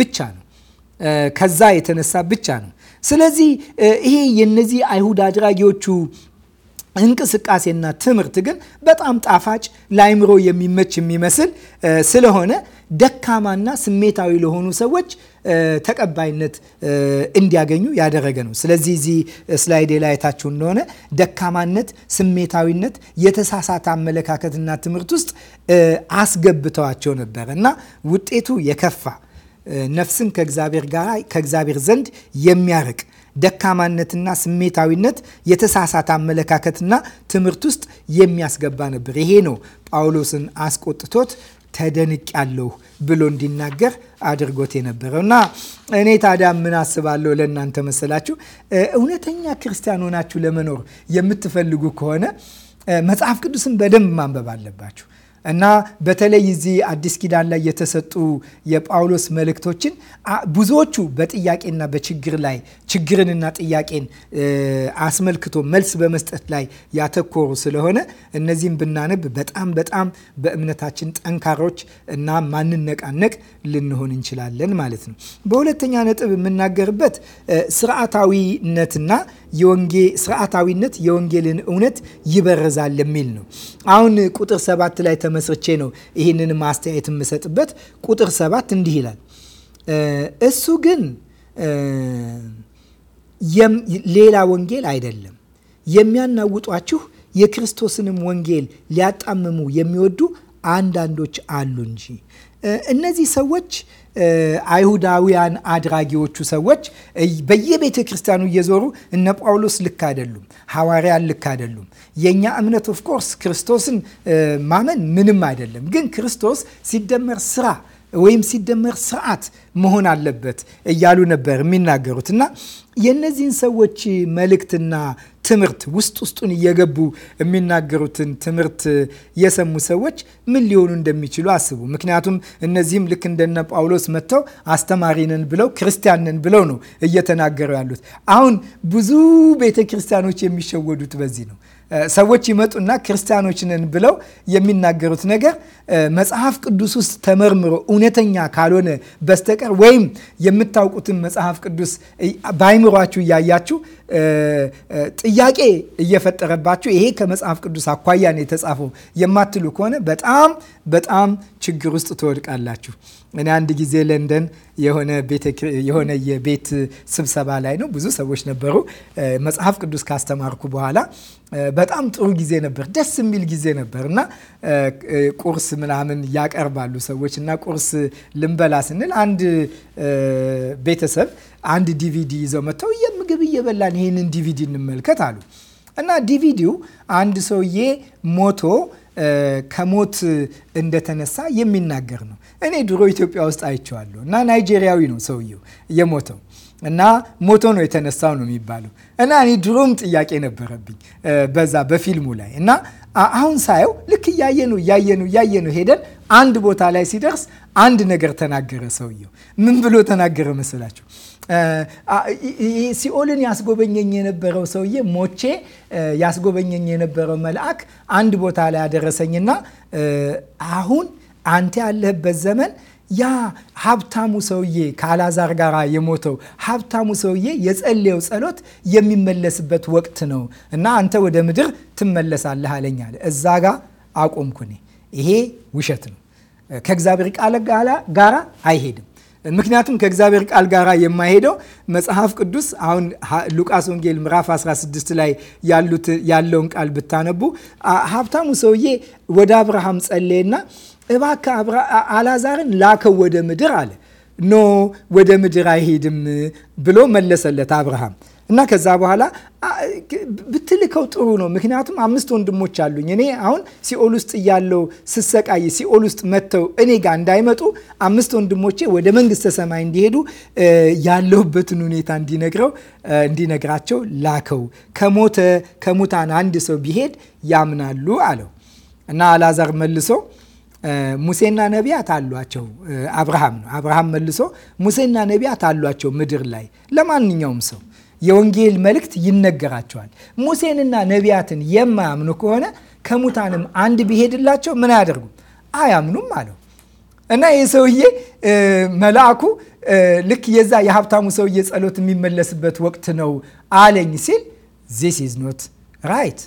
[SPEAKER 1] ብቻ ነው። ከዛ የተነሳ ብቻ ነው። ስለዚህ ይሄ የነዚህ አይሁድ አድራጊዎቹ እንቅስቃሴና ትምህርት ግን በጣም ጣፋጭ ለአይምሮ የሚመች የሚመስል ስለሆነ ደካማና ስሜታዊ ለሆኑ ሰዎች ተቀባይነት እንዲያገኙ ያደረገ ነው። ስለዚህ እዚህ ስላይዴ ላይ የታችሁ እንደሆነ ደካማነት፣ ስሜታዊነት፣ የተሳሳተ አመለካከትና ትምህርት ውስጥ አስገብተዋቸው ነበረ እና ውጤቱ የከፋ ነፍስን ከእግዚአብሔር ጋር ከእግዚአብሔር ዘንድ የሚያርቅ ደካማነትና ስሜታዊነት የተሳሳተ አመለካከትና ትምህርት ውስጥ የሚያስገባ ነበር። ይሄ ነው ጳውሎስን አስቆጥቶት ተደንቅ ያለሁ ብሎ እንዲናገር አድርጎት የነበረው እና እኔ ታዲያ ምን አስባለሁ ለእናንተ መሰላችሁ? እውነተኛ ክርስቲያን ሆናችሁ ለመኖር የምትፈልጉ ከሆነ መጽሐፍ ቅዱስን በደንብ ማንበብ አለባችሁ። እና በተለይ እዚህ አዲስ ኪዳን ላይ የተሰጡ የጳውሎስ መልእክቶችን ብዙዎቹ በጥያቄና በችግር ላይ ችግርንና ጥያቄን አስመልክቶ መልስ በመስጠት ላይ ያተኮሩ ስለሆነ እነዚህም ብናነብ በጣም በጣም በእምነታችን ጠንካሮች እና ማንነቃነቅ ልንሆን እንችላለን ማለት ነው። በሁለተኛ ነጥብ የምናገርበት ስርዓታዊነትና ስርዓታዊነት የወንጌልን እውነት ይበረዛል የሚል ነው። አሁን ቁጥር ሰባት ላይ ተመስርቼ ነው ይህንን ማስተያየት የምሰጥበት። ቁጥር ሰባት እንዲህ ይላል እሱ ግን ሌላ ወንጌል አይደለም። የሚያናውጧችሁ የክርስቶስንም ወንጌል ሊያጣምሙ የሚወዱ አንዳንዶች አሉ እንጂ እነዚህ ሰዎች አይሁዳውያን አድራጊዎቹ ሰዎች በየቤተ ክርስቲያኑ እየዞሩ እነ ጳውሎስ ልክ አይደሉም፣ ሐዋርያን ልክ አይደሉም። የእኛ እምነት ኦፍኮርስ ክርስቶስን ማመን ምንም አይደለም፣ ግን ክርስቶስ ሲደመር ስራ ወይም ሲደመር ስርዓት መሆን አለበት እያሉ ነበር የሚናገሩት እና የእነዚህን ሰዎች መልእክትና ትምህርት ውስጥ ውስጡን እየገቡ የሚናገሩትን ትምህርት የሰሙ ሰዎች ምን ሊሆኑ እንደሚችሉ አስቡ። ምክንያቱም እነዚህም ልክ እንደነ ጳውሎስ መጥተው አስተማሪንን ብለው ክርስቲያንን ብለው ነው እየተናገሩ ያሉት። አሁን ብዙ ቤተ ክርስቲያኖች የሚሸወዱት በዚህ ነው። ሰዎች ይመጡና ክርስቲያኖች ነን ብለው የሚናገሩት ነገር መጽሐፍ ቅዱስ ውስጥ ተመርምሮ እውነተኛ ካልሆነ በስተቀር ወይም የምታውቁትን መጽሐፍ ቅዱስ በአይምሯችሁ እያያችሁ ጥያቄ እየፈጠረባችሁ ይሄ ከመጽሐፍ ቅዱስ አኳያ ነው የተጻፈው የማትሉ ከሆነ በጣም በጣም ችግር ውስጥ ትወድቃላችሁ። እኔ አንድ ጊዜ ለንደን የሆነ የቤት ስብሰባ ላይ ነው፣ ብዙ ሰዎች ነበሩ። መጽሐፍ ቅዱስ ካስተማርኩ በኋላ በጣም ጥሩ ጊዜ ነበር፣ ደስ የሚል ጊዜ ነበር እና ቁርስ ምናምን ያቀርባሉ ሰዎች እና ቁርስ ልንበላ ስንል አንድ ቤተሰብ አንድ ዲቪዲ ይዘው መጥተው ምግብ እየበላን ይህንን ዲቪዲ እንመልከት አሉ እና ዲቪዲው አንድ ሰውዬ ሞቶ ከሞት እንደተነሳ የሚናገር ነው። እኔ ድሮ ኢትዮጵያ ውስጥ አይቼዋለሁ እና ናይጄሪያዊ ነው ሰውየው የሞተው እና ሞቶ ነው የተነሳው ነው የሚባለው እና እኔ ድሮም ጥያቄ ነበረብኝ በዛ በፊልሙ ላይ እና አሁን ሳየው ልክ እያየኑ እያየኑ እያየኑ ሄደን አንድ ቦታ ላይ ሲደርስ አንድ ነገር ተናገረ። ሰውየው ምን ብሎ ተናገረ መሰላችሁ? ሲኦልን ያስጎበኘኝ የነበረው ሰውዬ ሞቼ ያስጎበኘኝ የነበረው መልአክ አንድ ቦታ ላይ ያደረሰኝና አሁን አንተ ያለህበት ዘመን ያ ሀብታሙ ሰውዬ ከአላዛር ጋር የሞተው ሀብታሙ ሰውዬ የጸለየው ጸሎት የሚመለስበት ወቅት ነው እና አንተ ወደ ምድር ትመለሳለህ አለኝ አለ። እዛ ጋ አቆምኩኔ። ይሄ ውሸት ነው፣ ከእግዚአብሔር ቃል ጋራ አይሄድም። ምክንያቱም ከእግዚአብሔር ቃል ጋር የማይሄደው መጽሐፍ ቅዱስ አሁን ሉቃስ ወንጌል ምዕራፍ 16 ላይ ያሉት ያለውን ቃል ብታነቡ ሀብታሙ ሰውዬ ወደ አብርሃም ጸለየና እባካ አላዛርን ላከው ወደ ምድር አለ። ኖ ወደ ምድር አይሄድም ብሎ መለሰለት አብርሃም። እና ከዛ በኋላ ብትልከው ጥሩ ነው፣ ምክንያቱም አምስት ወንድሞች አሉኝ። እኔ አሁን ሲኦል ውስጥ እያለው ስሰቃይ ሲኦል ውስጥ መጥተው እኔ ጋር እንዳይመጡ አምስት ወንድሞቼ ወደ መንግስተ ሰማይ እንዲሄዱ ያለሁበትን ሁኔታ እንዲነግረው እንዲነግራቸው ላከው። ከሞተ ከሙታን አንድ ሰው ቢሄድ ያምናሉ አለው እና አላዛር መልሶ ሙሴና ነቢያት አሏቸው። አብርሃም ነው። አብርሃም መልሶ ሙሴና ነቢያት አሏቸው ምድር ላይ ለማንኛውም ሰው የወንጌል መልእክት ይነገራቸዋል። ሙሴንና ነቢያትን የማያምኑ ከሆነ ከሙታንም አንድ ቢሄድላቸው ምን አያደርጉም? አያምኑም አለው እና ይህ ሰውዬ መልአኩ ልክ የዛ የሀብታሙ ሰውዬ ጸሎት የሚመለስበት ወቅት ነው አለኝ ሲል ዚስ ኢዝ ኖት ራይት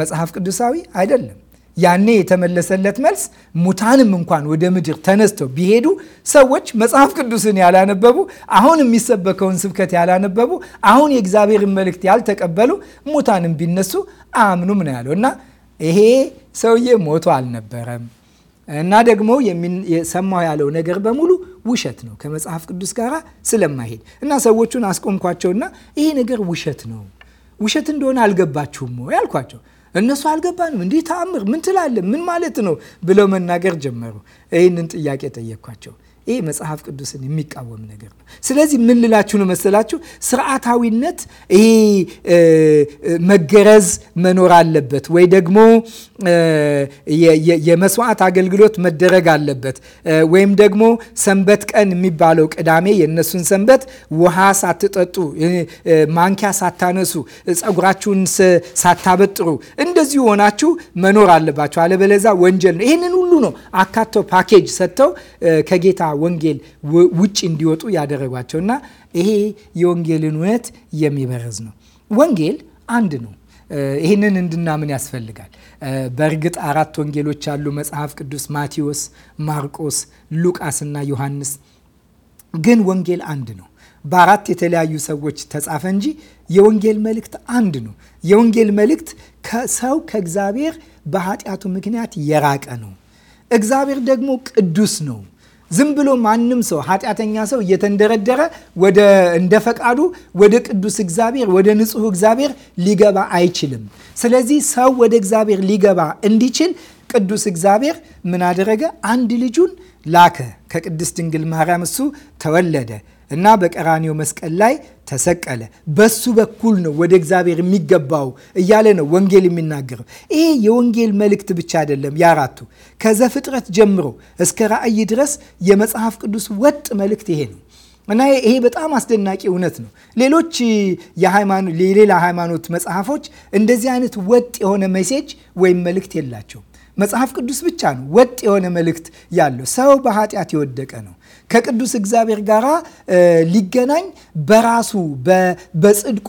[SPEAKER 1] መጽሐፍ ቅዱሳዊ አይደለም። ያኔ የተመለሰለት መልስ ሙታንም እንኳን ወደ ምድር ተነስተው ቢሄዱ ሰዎች መጽሐፍ ቅዱስን ያላነበቡ፣ አሁን የሚሰበከውን ስብከት ያላነበቡ፣ አሁን የእግዚአብሔርን መልእክት ያልተቀበሉ ሙታንም ቢነሱ አያምኑም ነው ያለው እና ይሄ ሰውዬ ሞቶ አልነበረም እና ደግሞ የሰማው ያለው ነገር በሙሉ ውሸት ነው ከመጽሐፍ ቅዱስ ጋር ስለማይሄድ እና ሰዎቹን አስቆምኳቸውና ይሄ ነገር ውሸት ነው ውሸት እንደሆነ አልገባችሁም ያልኳቸው እነሱ አልገባንም፣ እንዲህ ተአምር ምን ትላለ ምን ማለት ነው ብለው መናገር ጀመሩ። ይህንን ጥያቄ ጠየቅኳቸው። ይህ መጽሐፍ ቅዱስን የሚቃወም ነገር ነው። ስለዚህ ምን ልላችሁ ነው መሰላችሁ? ስርዓታዊነት ይሄ መገረዝ መኖር አለበት ወይ ደግሞ የመስዋዕት አገልግሎት መደረግ አለበት ወይም ደግሞ ሰንበት ቀን የሚባለው ቅዳሜ የእነሱን ሰንበት ውሃ ሳትጠጡ፣ ማንኪያ ሳታነሱ፣ ጸጉራችሁን ሳታበጥሩ እንደዚሁ ሆናችሁ መኖር አለባችሁ። አለበለዛ ወንጀል ነው። ይህንን ሁሉ ነው አካተው ፓኬጅ ሰጥተው ከጌታ ወንጌል ውጭ እንዲወጡ ያደረጓቸው እና ይሄ የወንጌልን እውነት የሚበረዝ ነው። ወንጌል አንድ ነው። ይህንን እንድናምን ያስፈልጋል። በእርግጥ አራት ወንጌሎች አሉ፣ መጽሐፍ ቅዱስ ማቴዎስ፣ ማርቆስ፣ ሉቃስና ዮሐንስ። ግን ወንጌል አንድ ነው። በአራት የተለያዩ ሰዎች ተጻፈ እንጂ የወንጌል መልእክት አንድ ነው። የወንጌል መልእክት ከሰው ከእግዚአብሔር በኃጢአቱ ምክንያት የራቀ ነው። እግዚአብሔር ደግሞ ቅዱስ ነው። ዝም ብሎ ማንም ሰው ኃጢአተኛ ሰው እየተንደረደረ ወደ እንደ ፈቃዱ ወደ ቅዱስ እግዚአብሔር ወደ ንጹሕ እግዚአብሔር ሊገባ አይችልም። ስለዚህ ሰው ወደ እግዚአብሔር ሊገባ እንዲችል ቅዱስ እግዚአብሔር ምን አደረገ? አንድ ልጁን ላከ። ከቅድስት ድንግል ማርያም እሱ ተወለደ። እና በቀራኒው መስቀል ላይ ተሰቀለ። በሱ በኩል ነው ወደ እግዚአብሔር የሚገባው እያለ ነው ወንጌል የሚናገረው። ይሄ የወንጌል መልእክት ብቻ አይደለም። የአራቱ ከዘፍጥረት ጀምሮ እስከ ራእይ ድረስ የመጽሐፍ ቅዱስ ወጥ መልእክት ይሄ ነው እና ይሄ በጣም አስደናቂ እውነት ነው። ሌሎች የሌላ ሃይማኖት መጽሐፎች እንደዚህ አይነት ወጥ የሆነ ሜሴጅ ወይም መልእክት የላቸውም። መጽሐፍ ቅዱስ ብቻ ነው ወጥ የሆነ መልእክት ያለው። ሰው በኃጢአት የወደቀ ነው ከቅዱስ እግዚአብሔር ጋር ሊገናኝ በራሱ በጽድቁ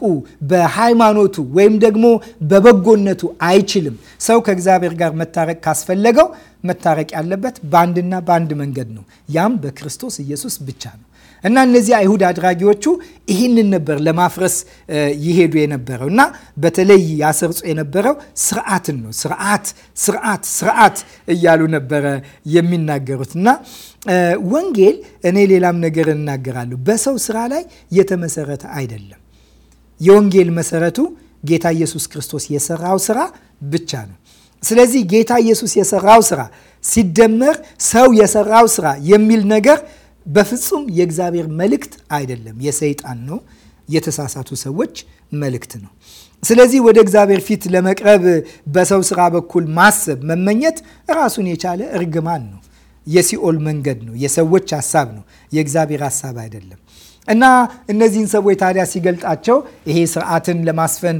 [SPEAKER 1] በሃይማኖቱ ወይም ደግሞ በበጎነቱ አይችልም። ሰው ከእግዚአብሔር ጋር መታረቅ ካስፈለገው መታረቅ ያለበት በአንድና በአንድ መንገድ ነው። ያም በክርስቶስ ኢየሱስ ብቻ ነው እና እነዚህ አይሁድ አድራጊዎቹ ይህንን ነበር ለማፍረስ ይሄዱ የነበረው እና በተለይ ያሰርጹ የነበረው ስርዓትን ነው። ስርዓት ስርዓት ስርዓት እያሉ ነበረ የሚናገሩት እና ወንጌል እኔ ሌላም ነገር እናገራለሁ፣ በሰው ስራ ላይ የተመሰረተ አይደለም። የወንጌል መሰረቱ ጌታ ኢየሱስ ክርስቶስ የሰራው ስራ ብቻ ነው። ስለዚህ ጌታ ኢየሱስ የሰራው ስራ ሲደመር ሰው የሰራው ስራ የሚል ነገር በፍጹም የእግዚአብሔር መልእክት አይደለም፣ የሰይጣን ነው፣ የተሳሳቱ ሰዎች መልእክት ነው። ስለዚህ ወደ እግዚአብሔር ፊት ለመቅረብ በሰው ስራ በኩል ማሰብ መመኘት ራሱን የቻለ እርግማን ነው። የሲኦል መንገድ ነው፣ የሰዎች ሀሳብ ነው፣ የእግዚአብሔር ሀሳብ አይደለም። እና እነዚህን ሰዎች ታዲያ ሲገልጣቸው ይሄ ስርዓትን ለማስፈን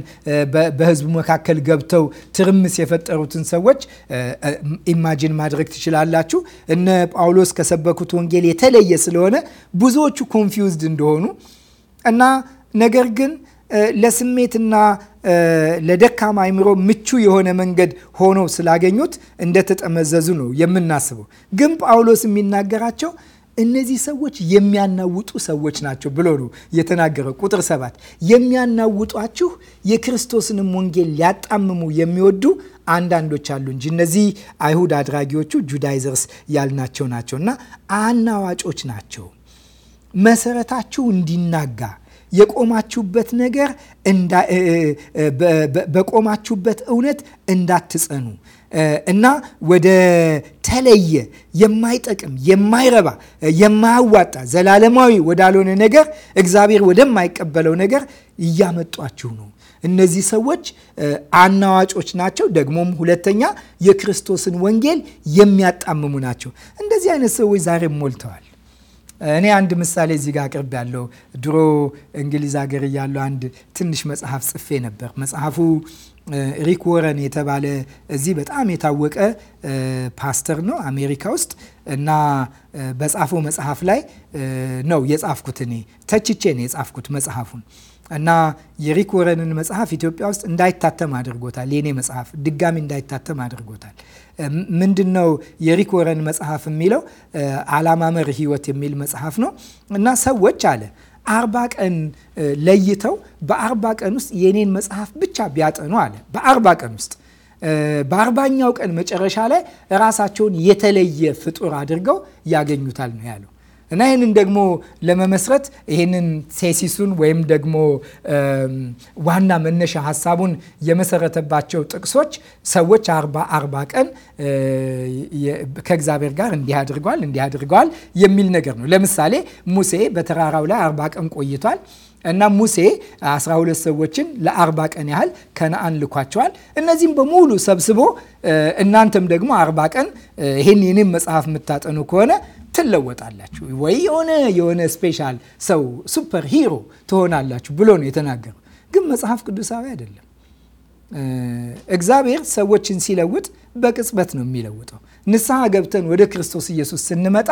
[SPEAKER 1] በህዝቡ መካከል ገብተው ትርምስ የፈጠሩትን ሰዎች ኢማጂን ማድረግ ትችላላችሁ። እነ ጳውሎስ ከሰበኩት ወንጌል የተለየ ስለሆነ ብዙዎቹ ኮንፊውዝድ እንደሆኑ እና ነገር ግን ለስሜትና ለደካማ አይምሮ ምቹ የሆነ መንገድ ሆኖ ስላገኙት እንደተጠመዘዙ ነው የምናስበው። ግን ጳውሎስ የሚናገራቸው እነዚህ ሰዎች የሚያናውጡ ሰዎች ናቸው ብሎ ነው የተናገረው። ቁጥር ሰባት የሚያናውጧችሁ የክርስቶስንም ወንጌል ሊያጣምሙ የሚወዱ አንዳንዶች አሉ እንጂ እነዚህ አይሁድ አድራጊዎቹ ጁዳይዘርስ ያልናቸው ናቸው እና አናዋጮች ናቸው። መሰረታችሁ እንዲናጋ የቆማችሁበት ነገር በቆማችሁበት እውነት እንዳትጸኑ እና ወደ ተለየ የማይጠቅም የማይረባ የማያዋጣ ዘላለማዊ ወዳልሆነ ነገር እግዚአብሔር ወደማይቀበለው ነገር እያመጧችሁ ነው። እነዚህ ሰዎች አናዋጮች ናቸው። ደግሞም ሁለተኛ የክርስቶስን ወንጌል የሚያጣምሙ ናቸው። እንደዚህ አይነት ሰዎች ዛሬም ሞልተዋል። እኔ አንድ ምሳሌ እዚህ ጋር አቅርብ ያለው ድሮ እንግሊዝ ሀገር እያለው አንድ ትንሽ መጽሐፍ ጽፌ ነበር። መጽሐፉ ሪክ ወረን የተባለ እዚህ በጣም የታወቀ ፓስተር ነው አሜሪካ ውስጥ እና በጻፈው መጽሐፍ ላይ ነው የጻፍኩት። እኔ ተችቼ ነው የጻፍኩት መጽሐፉን እና የሪክ ወረንን መጽሐፍ ኢትዮጵያ ውስጥ እንዳይታተም አድርጎታል። የኔ መጽሐፍ ድጋሚ እንዳይታተም አድርጎታል። ምንድን ነው የሪክ ወረን መጽሐፍ የሚለው አላማመር ህይወት የሚል መጽሐፍ ነው እና ሰዎች አለ አርባ ቀን ለይተው በአርባ ቀን ውስጥ የኔን መጽሐፍ ብቻ ቢያጠኑ አለ በአርባ ቀን ውስጥ በአርባኛው ቀን መጨረሻ ላይ ራሳቸውን የተለየ ፍጡር አድርገው ያገኙታል ነው ያለው። እና ይህንን ደግሞ ለመመስረት ይህንን ቴሲሱን ወይም ደግሞ ዋና መነሻ ሀሳቡን የመሰረተባቸው ጥቅሶች ሰዎች አርባ አርባ ቀን ከእግዚአብሔር ጋር እንዲህ አድርገዋል እንዲህ አድርገዋል የሚል ነገር ነው። ለምሳሌ ሙሴ በተራራው ላይ አርባ ቀን ቆይቷል። እና ሙሴ 12 ሰዎችን ለአርባ ቀን ያህል ከነአን ልኳቸዋል። እነዚህም በሙሉ ሰብስቦ እናንተም ደግሞ አርባ ቀን ይህን የኔም መጽሐፍ የምታጠኑ ከሆነ ትለወጣላችሁ ወይ የሆነ የሆነ ስፔሻል ሰው ሱፐር ሂሮ ትሆናላችሁ ብሎ ነው የተናገረው። ግን መጽሐፍ ቅዱሳዊ አይደለም። እግዚአብሔር ሰዎችን ሲለውጥ በቅጽበት ነው የሚለውጠው። ንስሐ ገብተን ወደ ክርስቶስ ኢየሱስ ስንመጣ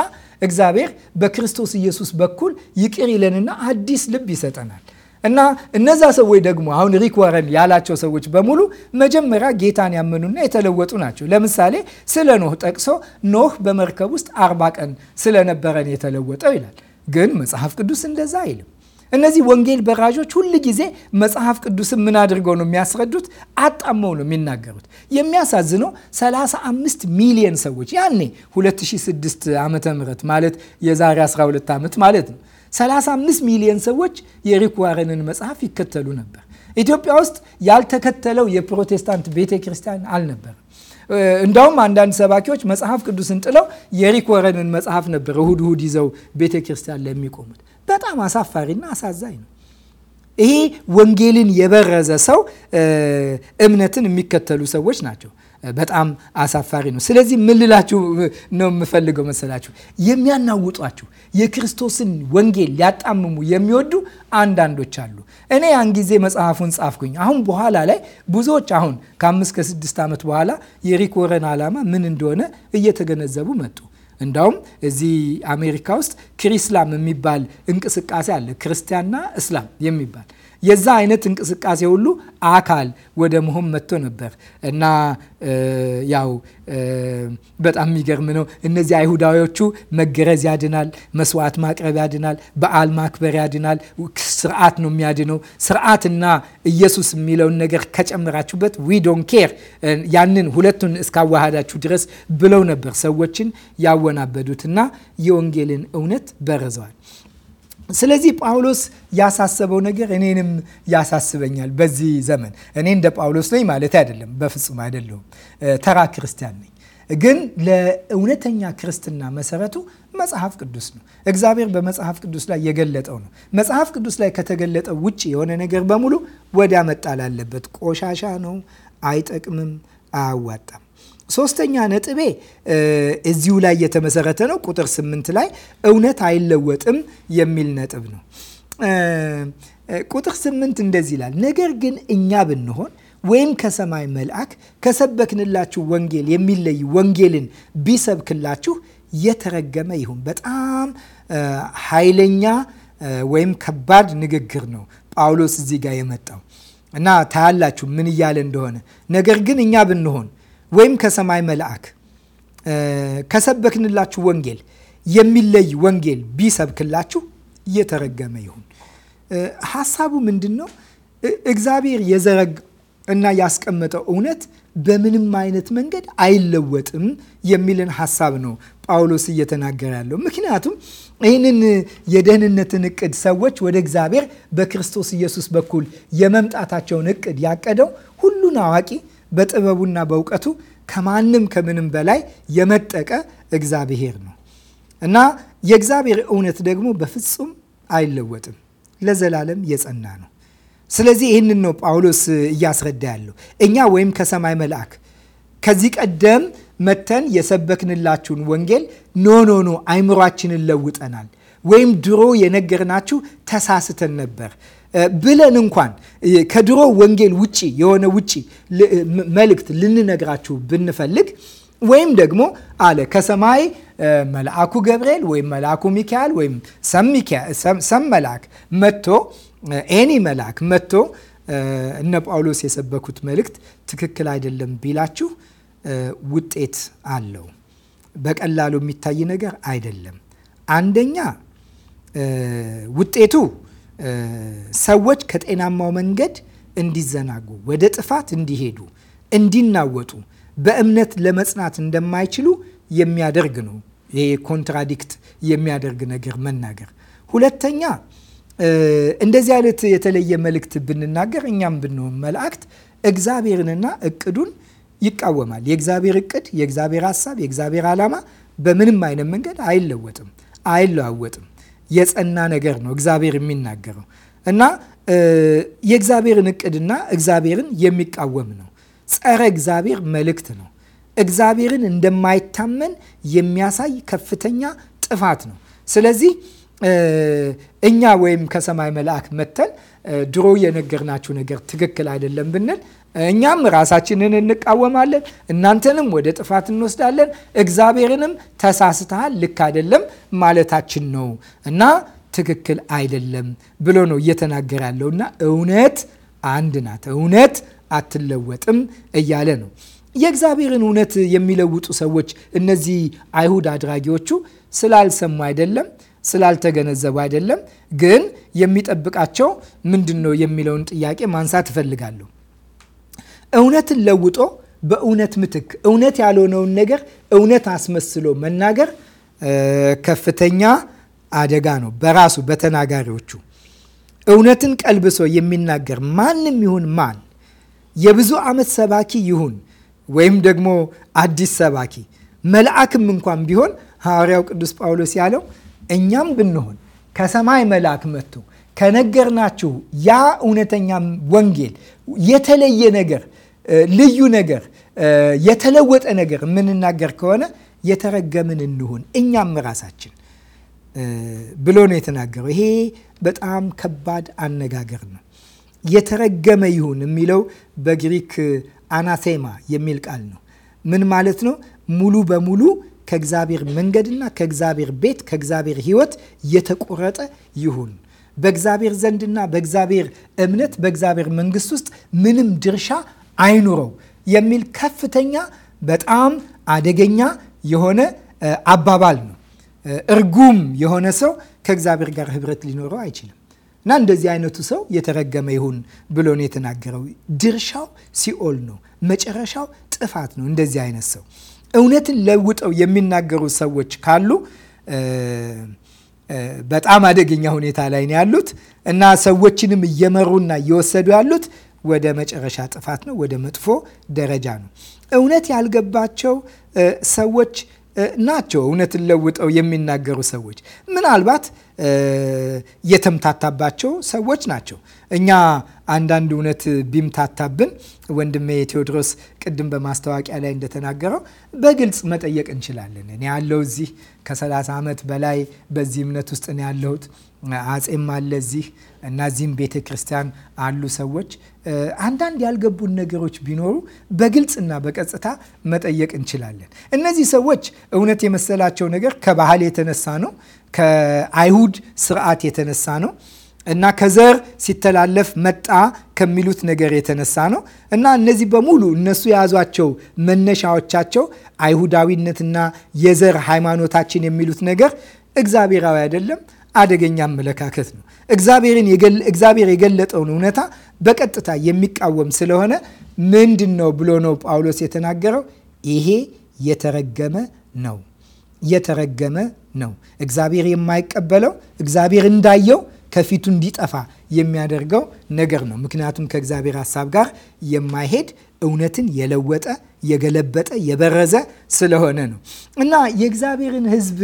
[SPEAKER 1] እግዚአብሔር በክርስቶስ ኢየሱስ በኩል ይቅር ይለንና አዲስ ልብ ይሰጠናል። እና እነዛ ሰዎች ደግሞ አሁን ሪኮረል ያላቸው ሰዎች በሙሉ መጀመሪያ ጌታን ያመኑና የተለወጡ ናቸው። ለምሳሌ ስለ ኖህ ጠቅሶ ኖህ በመርከብ ውስጥ አርባ ቀን ስለነበረን የተለወጠው ይላል። ግን መጽሐፍ ቅዱስ እንደዛ አይልም። እነዚህ ወንጌል በራዦች ሁል ጊዜ መጽሐፍ ቅዱስን ምን አድርገው ነው የሚያስረዱት? አጣመው ነው የሚናገሩት። የሚያሳዝነው 35 ሚሊዮን ሰዎች ያኔ 2006 ዓ ምህረት ማለት የዛሬ 12 ዓመት ማለት ነው 35 ሚሊዮን ሰዎች የሪክ ዋረንን መጽሐፍ ይከተሉ ነበር። ኢትዮጵያ ውስጥ ያልተከተለው የፕሮቴስታንት ቤተ ክርስቲያን አልነበርም። እንዳውም አንዳንድ ሰባኪዎች መጽሐፍ ቅዱስን ጥለው የሪክ ወረንን መጽሐፍ ነበር እሁድ እሁድ ይዘው ቤተ ክርስቲያን ለሚቆሙት። በጣም አሳፋሪና አሳዛኝ ነው። ይሄ ወንጌልን የበረዘ ሰው እምነትን የሚከተሉ ሰዎች ናቸው። በጣም አሳፋሪ ነው። ስለዚህ ምን ልላችሁ ነው የምፈልገው መሰላችሁ? የሚያናውጧችሁ የክርስቶስን ወንጌል ሊያጣምሙ የሚወዱ አንዳንዶች አሉ። እኔ ያን ጊዜ መጽሐፉን ጻፍኩኝ። አሁን በኋላ ላይ ብዙዎች አሁን ከአምስት ከስድስት ዓመት በኋላ የሪክ ወረን ዓላማ ምን እንደሆነ እየተገነዘቡ መጡ። እንዳውም እዚህ አሜሪካ ውስጥ ክሪስላም የሚባል እንቅስቃሴ አለ። ክርስቲያንና እስላም የሚባል የዛ አይነት እንቅስቃሴ ሁሉ አካል ወደ መሆን መጥቶ ነበር እና ያው በጣም የሚገርም ነው። እነዚህ አይሁዳዎቹ መገረዝ ያድናል፣ መስዋዕት ማቅረብ ያድናል፣ በዓል ማክበር ያድናል፣ ስርዓት ነው የሚያድነው። ስርዓትና ኢየሱስ የሚለውን ነገር ከጨመራችሁበት ዊ ዶን ኬር ያንን ሁለቱን እስካዋሃዳችሁ ድረስ ብለው ነበር ሰዎችን ያወናበዱትና የወንጌልን እውነት በረዘዋል። ስለዚህ ጳውሎስ ያሳሰበው ነገር እኔንም ያሳስበኛል። በዚህ ዘመን እኔ እንደ ጳውሎስ ነኝ ማለት አይደለም፣ በፍጹም አይደለሁም። ተራ ክርስቲያን ነኝ። ግን ለእውነተኛ ክርስትና መሰረቱ መጽሐፍ ቅዱስ ነው። እግዚአብሔር በመጽሐፍ ቅዱስ ላይ የገለጠው ነው። መጽሐፍ ቅዱስ ላይ ከተገለጠ ውጭ የሆነ ነገር በሙሉ ወዲያ መጣል አለበት። ቆሻሻ ነው፣ አይጠቅምም፣ አያዋጣም። ሶስተኛ ነጥቤ እዚሁ ላይ የተመሰረተ ነው። ቁጥር ስምንት ላይ እውነት አይለወጥም የሚል ነጥብ ነው። ቁጥር ስምንት እንደዚህ ይላል፣ ነገር ግን እኛ ብንሆን ወይም ከሰማይ መልአክ ከሰበክንላችሁ ወንጌል የሚለይ ወንጌልን ቢሰብክላችሁ የተረገመ ይሁን። በጣም ኃይለኛ ወይም ከባድ ንግግር ነው ጳውሎስ እዚህ ጋር የመጣው እና ታያላችሁ ምን እያለ እንደሆነ። ነገር ግን እኛ ብንሆን ወይም ከሰማይ መልአክ ከሰበክንላችሁ ወንጌል የሚለይ ወንጌል ቢሰብክላችሁ እየተረገመ ይሁን። ሀሳቡ ምንድን ነው? እግዚአብሔር የዘረግ እና ያስቀመጠው እውነት በምንም አይነት መንገድ አይለወጥም የሚልን ሀሳብ ነው ጳውሎስ እየተናገረ ያለው። ምክንያቱም ይህንን የደህንነትን እቅድ ሰዎች ወደ እግዚአብሔር በክርስቶስ ኢየሱስ በኩል የመምጣታቸውን እቅድ ያቀደው ሁሉን አዋቂ በጥበቡና በእውቀቱ ከማንም ከምንም በላይ የመጠቀ እግዚአብሔር ነው እና የእግዚአብሔር እውነት ደግሞ በፍጹም አይለወጥም፣ ለዘላለም የጸና ነው። ስለዚህ ይህንን ነው ጳውሎስ እያስረዳ ያለው። እኛ ወይም ከሰማይ መልአክ ከዚህ ቀደም መተን የሰበክንላችሁን ወንጌል ኖ ኖ ኖ አይምሯችንን ለውጠናል ወይም ድሮ የነገርናችሁ ተሳስተን ነበር ብለን እንኳን ከድሮ ወንጌል ውጪ የሆነ ውጪ መልእክት ልንነግራችሁ ብንፈልግ ወይም ደግሞ አለ ከሰማይ መልአኩ ገብርኤል ወይም መልአኩ ሚካኤል ወይም ሰም መልአክ መጥቶ ኤኒ መልአክ መጥቶ እነ ጳውሎስ የሰበኩት መልእክት ትክክል አይደለም ቢላችሁ ውጤት አለው። በቀላሉ የሚታይ ነገር አይደለም። አንደኛ ውጤቱ ሰዎች ከጤናማው መንገድ እንዲዘናጉ፣ ወደ ጥፋት እንዲሄዱ፣ እንዲናወጡ፣ በእምነት ለመጽናት እንደማይችሉ የሚያደርግ ነው። ይሄ ኮንትራዲክት የሚያደርግ ነገር መናገር። ሁለተኛ እንደዚህ አይነት የተለየ መልእክት ብንናገር እኛም ብንሆን መላእክት እግዚአብሔርንና እቅዱን ይቃወማል። የእግዚአብሔር እቅድ፣ የእግዚአብሔር ሀሳብ፣ የእግዚአብሔር ዓላማ በምንም አይነት መንገድ አይለወጥም፣ አይለዋወጥም። የጸና ነገር ነው እግዚአብሔር የሚናገረው እና የእግዚአብሔርን እቅድና እግዚአብሔርን የሚቃወም ነው። ጸረ እግዚአብሔር መልእክት ነው። እግዚአብሔርን እንደማይታመን የሚያሳይ ከፍተኛ ጥፋት ነው። ስለዚህ እኛ ወይም ከሰማይ መልአክ መተን ድሮ የነገርናችሁ ነገር ትክክል አይደለም ብንል እኛም ራሳችንን እንቃወማለን፣ እናንተንም ወደ ጥፋት እንወስዳለን፣ እግዚአብሔርንም ተሳስተሃል፣ ልክ አይደለም ማለታችን ነው እና ትክክል አይደለም ብሎ ነው እየተናገረ ያለው እና እውነት አንድ ናት፣ እውነት አትለወጥም እያለ ነው። የእግዚአብሔርን እውነት የሚለውጡ ሰዎች እነዚህ አይሁድ አድራጊዎቹ ስላልሰሙ አይደለም ስላልተገነዘቡ አይደለም። ግን የሚጠብቃቸው ምንድን ነው የሚለውን ጥያቄ ማንሳት እፈልጋለሁ። እውነትን ለውጦ በእውነት ምትክ እውነት ያልሆነውን ነገር እውነት አስመስሎ መናገር ከፍተኛ አደጋ ነው በራሱ በተናጋሪዎቹ። እውነትን ቀልብሶ የሚናገር ማንም ይሁን ማን የብዙ ዓመት ሰባኪ ይሁን ወይም ደግሞ አዲስ ሰባኪ መልአክም እንኳን ቢሆን ሐዋርያው ቅዱስ ጳውሎስ ያለው እኛም ብንሆን ከሰማይ መልአክ መጥቶ ከነገርናችሁ ያ እውነተኛ ወንጌል የተለየ ነገር ልዩ ነገር፣ የተለወጠ ነገር የምንናገር ከሆነ የተረገምን እንሁን እኛም ራሳችን ብሎ ነው የተናገረው። ይሄ በጣም ከባድ አነጋገር ነው። የተረገመ ይሁን የሚለው በግሪክ አናቴማ የሚል ቃል ነው። ምን ማለት ነው? ሙሉ በሙሉ ከእግዚአብሔር መንገድና ከእግዚአብሔር ቤት ከእግዚአብሔር ሕይወት የተቆረጠ ይሁን። በእግዚአብሔር ዘንድና በእግዚአብሔር እምነት በእግዚአብሔር መንግስት ውስጥ ምንም ድርሻ አይኑረው የሚል ከፍተኛ በጣም አደገኛ የሆነ አባባል ነው። እርጉም የሆነ ሰው ከእግዚአብሔር ጋር ህብረት ሊኖረው አይችልም እና እንደዚህ አይነቱ ሰው የተረገመ ይሁን ብሎ ነው የተናገረው። ድርሻው ሲኦል ነው፣ መጨረሻው ጥፋት ነው። እንደዚህ አይነት ሰው እውነትን ለውጠው የሚናገሩ ሰዎች ካሉ በጣም አደገኛ ሁኔታ ላይ ነው ያሉት እና ሰዎችንም እየመሩና እየወሰዱ ያሉት ወደ መጨረሻ ጥፋት ነው፣ ወደ መጥፎ ደረጃ ነው። እውነት ያልገባቸው ሰዎች ናቸው እውነትን ለውጠው የሚናገሩ ሰዎች ምናልባት የተምታታባቸው ሰዎች ናቸው። እኛ አንዳንድ እውነት ቢምታታብን ወንድሜ ቴዎድሮስ ቅድም በማስታወቂያ ላይ እንደተናገረው በግልጽ መጠየቅ እንችላለን። እኔ ያለው እዚህ ከ30 ዓመት በላይ በዚህ እምነት ውስጥ ነው ያለሁት አጼም አለ እዚህ እና እዚህም ቤተ ክርስቲያን አሉ ሰዎች። አንዳንድ ያልገቡን ነገሮች ቢኖሩ በግልጽና በቀጥታ መጠየቅ እንችላለን። እነዚህ ሰዎች እውነት የመሰላቸው ነገር ከባህል የተነሳ ነው፣ ከአይሁድ ስርዓት የተነሳ ነው እና ከዘር ሲተላለፍ መጣ ከሚሉት ነገር የተነሳ ነው እና እነዚህ በሙሉ እነሱ የያዟቸው መነሻዎቻቸው አይሁዳዊነትና የዘር ሃይማኖታችን የሚሉት ነገር እግዚአብሔራዊ አይደለም። አደገኛ አመለካከት ነው። እግዚአብሔርን እግዚአብሔር የገለጠውን እውነታ በቀጥታ የሚቃወም ስለሆነ ምንድን ነው ብሎ ነው ጳውሎስ የተናገረው? ይሄ የተረገመ ነው የተረገመ ነው። እግዚአብሔር የማይቀበለው እግዚአብሔር እንዳየው ከፊቱ እንዲጠፋ የሚያደርገው ነገር ነው። ምክንያቱም ከእግዚአብሔር ሀሳብ ጋር የማይሄድ እውነትን የለወጠ የገለበጠ የበረዘ ስለሆነ ነው እና የእግዚአብሔርን ሕዝብ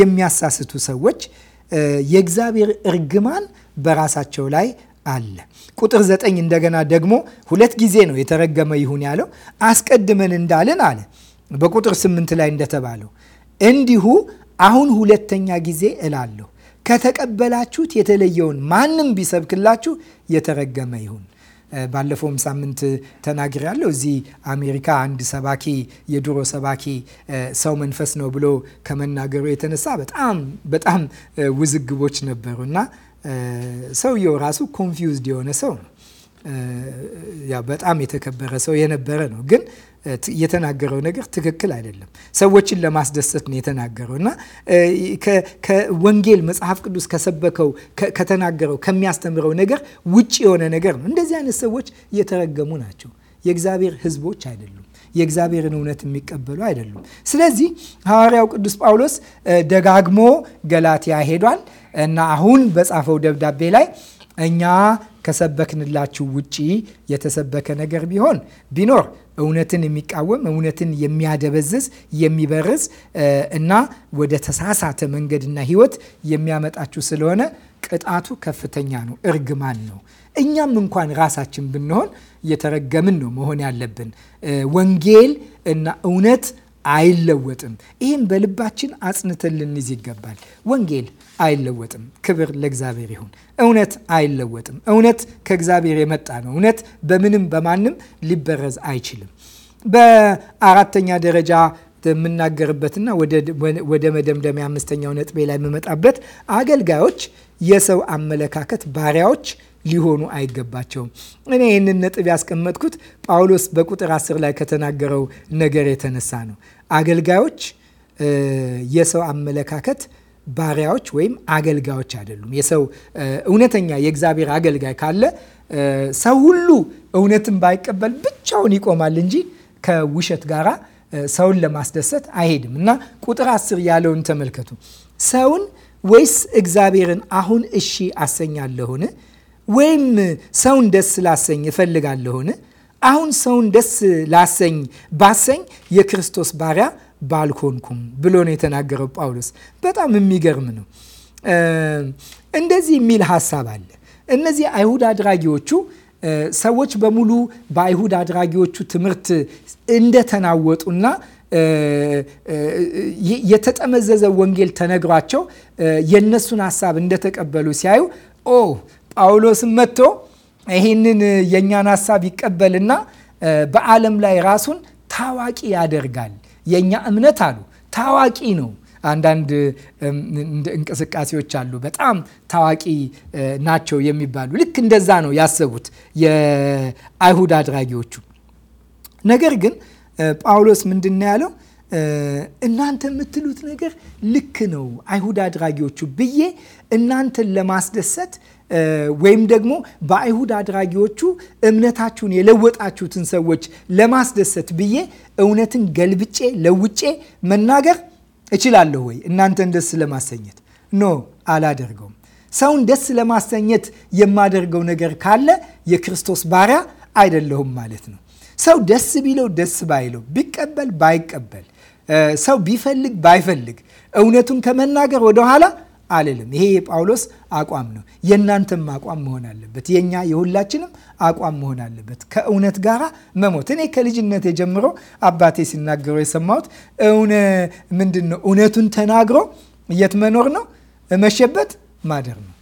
[SPEAKER 1] የሚያሳስቱ ሰዎች የእግዚአብሔር እርግማን በራሳቸው ላይ አለ። ቁጥር ዘጠኝ እንደገና ደግሞ ሁለት ጊዜ ነው የተረገመ ይሁን ያለው። አስቀድመን እንዳልን አለ በቁጥር ስምንት ላይ እንደተባለው እንዲሁ አሁን ሁለተኛ ጊዜ እላለሁ ከተቀበላችሁት የተለየውን ማንም ቢሰብክላችሁ የተረገመ ይሁን። ባለፈውም ሳምንት ያለው እዚህ አሜሪካ አንድ ሰባኪ የድሮ ሰባኪ ሰው መንፈስ ነው ብሎ ከመናገሩ የተነሳ በጣም በጣም ውዝግቦች ነበሩ እና ሰውየው ራሱ ኮንፊውዝድ የሆነ ሰው ነው። በጣም የተከበረ ሰው የነበረ ነው ግን የተናገረው ነገር ትክክል አይደለም። ሰዎችን ለማስደሰት ነው የተናገረው እና ከወንጌል መጽሐፍ ቅዱስ ከሰበከው ከተናገረው ከሚያስተምረው ነገር ውጭ የሆነ ነገር ነው። እንደዚህ አይነት ሰዎች የተረገሙ ናቸው። የእግዚአብሔር ሕዝቦች አይደሉም። የእግዚአብሔርን እውነት የሚቀበሉ አይደሉም። ስለዚህ ሐዋርያው ቅዱስ ጳውሎስ ደጋግሞ ገላትያ ሄዷል እና አሁን በጻፈው ደብዳቤ ላይ እኛ ከሰበክንላችሁ ውጪ የተሰበከ ነገር ቢሆን ቢኖር እውነትን የሚቃወም እውነትን የሚያደበዝዝ የሚበርዝ እና ወደ ተሳሳተ መንገድና ህይወት የሚያመጣችሁ ስለሆነ ቅጣቱ ከፍተኛ ነው፣ እርግማን ነው። እኛም እንኳን ራሳችን ብንሆን የተረገምን ነው መሆን ያለብን ወንጌል እና እውነት አይለወጥም። ይህም በልባችን አጽንተን ልንይዝ ይገባል። ወንጌል አይለወጥም። ክብር ለእግዚአብሔር ይሁን። እውነት አይለወጥም። እውነት ከእግዚአብሔር የመጣ ነው። እውነት በምንም በማንም ሊበረዝ አይችልም። በአራተኛ ደረጃ የምናገርበትና ወደ መደምደሚያ አምስተኛው ነጥቤ ላይ የምመጣበት አገልጋዮች የሰው አመለካከት ባሪያዎች ሊሆኑ አይገባቸውም። እኔ ይህንን ነጥብ ያስቀመጥኩት ጳውሎስ በቁጥር አስር ላይ ከተናገረው ነገር የተነሳ ነው። አገልጋዮች የሰው አመለካከት ባሪያዎች ወይም አገልጋዮች አይደሉም። የሰው እውነተኛ የእግዚአብሔር አገልጋይ ካለ ሰው ሁሉ እውነትን ባይቀበል ብቻውን ይቆማል እንጂ ከውሸት ጋራ ሰውን ለማስደሰት አይሄድም እና ቁጥር አስር ያለውን ተመልከቱ። ሰውን ወይስ እግዚአብሔርን አሁን እሺ አሰኛለሁን? ወይም ሰውን ደስ ላሰኝ እፈልጋለሁን? አሁን ሰውን ደስ ላሰኝ ባሰኝ የክርስቶስ ባሪያ ባልሆንኩም ብሎ ነው የተናገረው ጳውሎስ። በጣም የሚገርም ነው። እንደዚህ የሚል ሀሳብ አለ። እነዚህ አይሁድ አድራጊዎቹ ሰዎች በሙሉ በአይሁድ አድራጊዎቹ ትምህርት እንደተናወጡና የተጠመዘዘ ወንጌል ተነግሯቸው የእነሱን ሀሳብ እንደተቀበሉ ሲያዩ ኦ ጳውሎስም መጥቶ ይህንን የእኛን ሀሳብ ይቀበልና በዓለም ላይ ራሱን ታዋቂ ያደርጋል። የእኛ እምነት አሉ ታዋቂ ነው። አንዳንድ እንቅስቃሴዎች አሉ በጣም ታዋቂ ናቸው የሚባሉ። ልክ እንደዛ ነው ያሰቡት የአይሁድ አድራጊዎቹ። ነገር ግን ጳውሎስ ምንድን ነው ያለው? እናንተ የምትሉት ነገር ልክ ነው አይሁድ አድራጊዎቹ ብዬ እናንተን ለማስደሰት ወይም ደግሞ በአይሁድ አድራጊዎቹ እምነታችሁን የለወጣችሁትን ሰዎች ለማስደሰት ብዬ እውነትን ገልብጬ ለውጬ መናገር እችላለሁ ወይ? እናንተን ደስ ለማሰኘት? ኖ አላደርገውም። ሰውን ደስ ለማሰኘት የማደርገው ነገር ካለ የክርስቶስ ባሪያ አይደለሁም ማለት ነው። ሰው ደስ ቢለው ደስ ባይለው፣ ቢቀበል ባይቀበል፣ ሰው ቢፈልግ ባይፈልግ እውነቱን ከመናገር ወደኋላ አልልም። ይሄ የጳውሎስ አቋም ነው። የእናንተም አቋም መሆን አለበት። የእኛ የሁላችንም አቋም መሆን አለበት። ከእውነት ጋራ መሞት። እኔ ከልጅነት ጀምሮ አባቴ ሲናገረው የሰማሁት እውነ ምንድን ነው? እውነቱን ተናግሮ የት መኖር ነው? መሸበት ማደር ነው።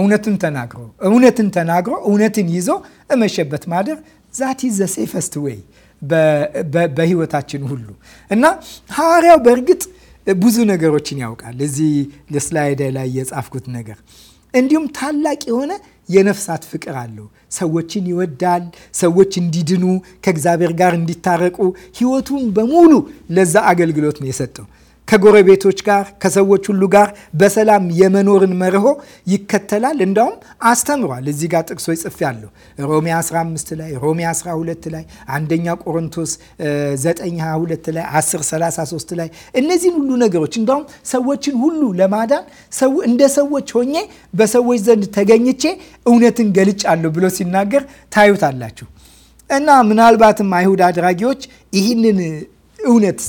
[SPEAKER 1] እውነቱን ተናግሮ እውነትን ተናግሮ እውነትን ይዞ መሸበት ማደር ዛት ዘ ሴፈስት ወይ በህይወታችን ሁሉ እና ሐዋርያው በእርግጥ ብዙ ነገሮችን ያውቃል። እዚህ ስላይድ ላይ የጻፍኩት ነገር እንዲሁም ታላቅ የሆነ የነፍሳት ፍቅር አለው። ሰዎችን ይወዳል። ሰዎች እንዲድኑ ከእግዚአብሔር ጋር እንዲታረቁ ህይወቱን በሙሉ ለዛ አገልግሎት ነው የሰጠው። ከጎረቤቶች ጋር ከሰዎች ሁሉ ጋር በሰላም የመኖርን መርሆ ይከተላል። እንዳውም አስተምሯል። እዚህ ጋር ጥቅሶች ጽፌአለሁ። ሮሜ 15 ላይ፣ ሮሜ 12 ላይ፣ አንደኛ ቆሮንቶስ 922 ላይ፣ 1033 ላይ እነዚህን ሁሉ ነገሮች እንዳውም ሰዎችን ሁሉ ለማዳን እንደ ሰዎች ሆኜ በሰዎች ዘንድ ተገኝቼ እውነትን ገልጫለሁ ብሎ ሲናገር ታዩታላችሁ እና ምናልባትም አይሁድ አድራጊዎች ይህንን እውነት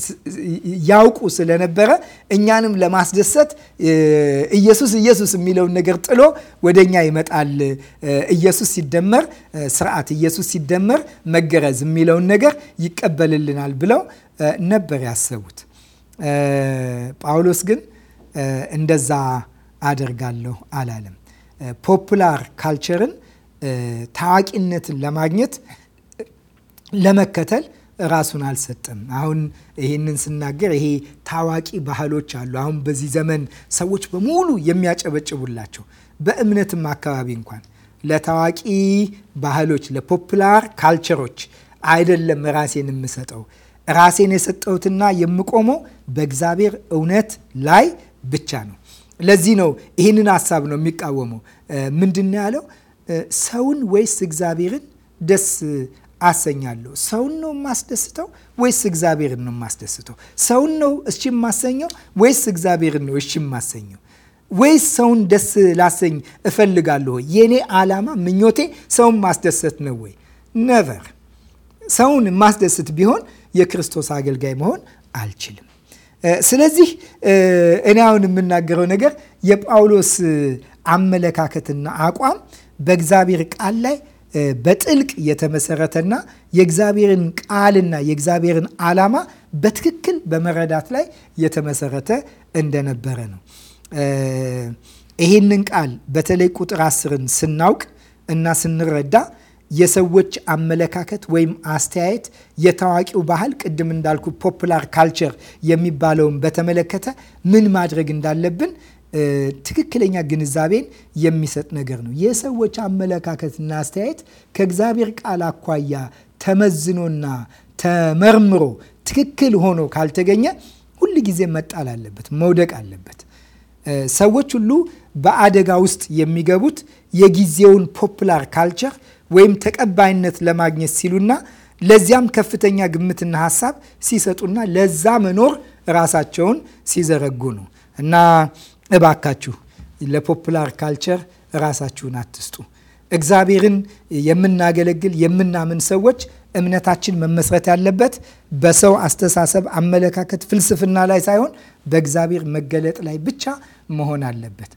[SPEAKER 1] ያውቁ ስለነበረ እኛንም ለማስደሰት ኢየሱስ ኢየሱስ የሚለውን ነገር ጥሎ ወደ እኛ ይመጣል። ኢየሱስ ሲደመር ስርዓት፣ ኢየሱስ ሲደመር መገረዝ የሚለውን ነገር ይቀበልልናል ብለው ነበር ያሰቡት። ጳውሎስ ግን እንደዛ አደርጋለሁ አላለም። ፖፑላር ካልቸርን ታዋቂነትን ለማግኘት ለመከተል ራሱን አልሰጠም። አሁን ይህንን ስናገር ይሄ ታዋቂ ባህሎች አሉ። አሁን በዚህ ዘመን ሰዎች በሙሉ የሚያጨበጭቡላቸው በእምነትም አካባቢ እንኳን ለታዋቂ ባህሎች ለፖፕላር ካልቸሮች አይደለም ራሴን የምሰጠው ራሴን የሰጠሁትና የምቆመው በእግዚአብሔር እውነት ላይ ብቻ ነው። ለዚህ ነው ይህንን ሀሳብ ነው የሚቃወመው። ምንድን ያለው ሰውን ወይስ እግዚአብሔርን ደስ አሰኛለሁ? ሰውን ነው የማስደስተው ወይስ እግዚአብሔርን ነው የማስደስተው? ሰውን ነው እሺ የማሰኘው ወይስ እግዚአብሔርን ነው እሺ የማሰኘው? ወይስ ሰውን ደስ ላሰኝ እፈልጋለሁ? የኔ ዓላማ ምኞቴ ሰውን ማስደሰት ነው ወይ? ነቨር። ሰውን ማስደስት ቢሆን የክርስቶስ አገልጋይ መሆን አልችልም። ስለዚህ እኔ አሁን የምናገረው ነገር የጳውሎስ አመለካከትና አቋም በእግዚአብሔር ቃል ላይ በጥልቅ የተመሰረተና የእግዚአብሔርን ቃልና የእግዚአብሔርን ዓላማ በትክክል በመረዳት ላይ የተመሰረተ እንደነበረ ነው። ይህንን ቃል በተለይ ቁጥር አስርን ስናውቅ እና ስንረዳ የሰዎች አመለካከት ወይም አስተያየት የታዋቂው ባህል ቅድም እንዳልኩ ፖፑላር ካልቸር የሚባለውን በተመለከተ ምን ማድረግ እንዳለብን ትክክለኛ ግንዛቤን የሚሰጥ ነገር ነው። የሰዎች አመለካከትና አስተያየት ከእግዚአብሔር ቃል አኳያ ተመዝኖና ተመርምሮ ትክክል ሆኖ ካልተገኘ ሁል ጊዜ መጣል አለበት፣ መውደቅ አለበት። ሰዎች ሁሉ በአደጋ ውስጥ የሚገቡት የጊዜውን ፖፕላር ካልቸር ወይም ተቀባይነት ለማግኘት ሲሉና ለዚያም ከፍተኛ ግምትና ሀሳብ ሲሰጡና ለዛ መኖር ራሳቸውን ሲዘረጉ ነው እና እባካችሁ ለፖፑላር ካልቸር ራሳችሁን አትስጡ። እግዚአብሔርን የምናገለግል የምናምን ሰዎች እምነታችን መመስረት ያለበት በሰው አስተሳሰብ፣ አመለካከት፣ ፍልስፍና ላይ ሳይሆን በእግዚአብሔር መገለጥ ላይ ብቻ መሆን አለበት።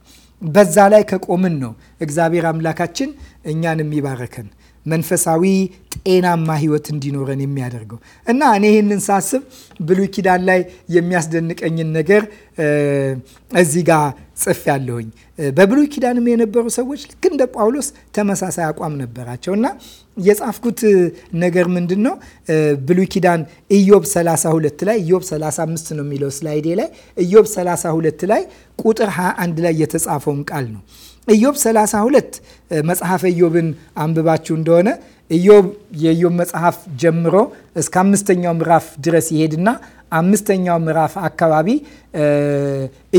[SPEAKER 1] በዛ ላይ ከቆምን ነው እግዚአብሔር አምላካችን እኛን የሚባረከን። መንፈሳዊ ጤናማ ህይወት እንዲኖረን የሚያደርገው እና እኔ ይህንን ሳስብ ብሉይ ኪዳን ላይ የሚያስደንቀኝን ነገር እዚህ ጋር ጽፍ ያለሁኝ በብሉይ ኪዳንም የነበሩ ሰዎች ልክ እንደ ጳውሎስ ተመሳሳይ አቋም ነበራቸው እና የጻፍኩት ነገር ምንድን ነው? ብሉይ ኪዳን ኢዮብ 32 ላይ ኢዮብ 35 ነው የሚለው ስላይዴ ላይ ኢዮብ 32 ላይ ቁጥር 21 ላይ የተጻፈውን ቃል ነው ኢዮብ 32 መጽሐፈ ኢዮብን አንብባችሁ እንደሆነ ኢዮብ የኢዮብ መጽሐፍ ጀምሮ እስከ አምስተኛው ምዕራፍ ድረስ ይሄድና አምስተኛው ምዕራፍ አካባቢ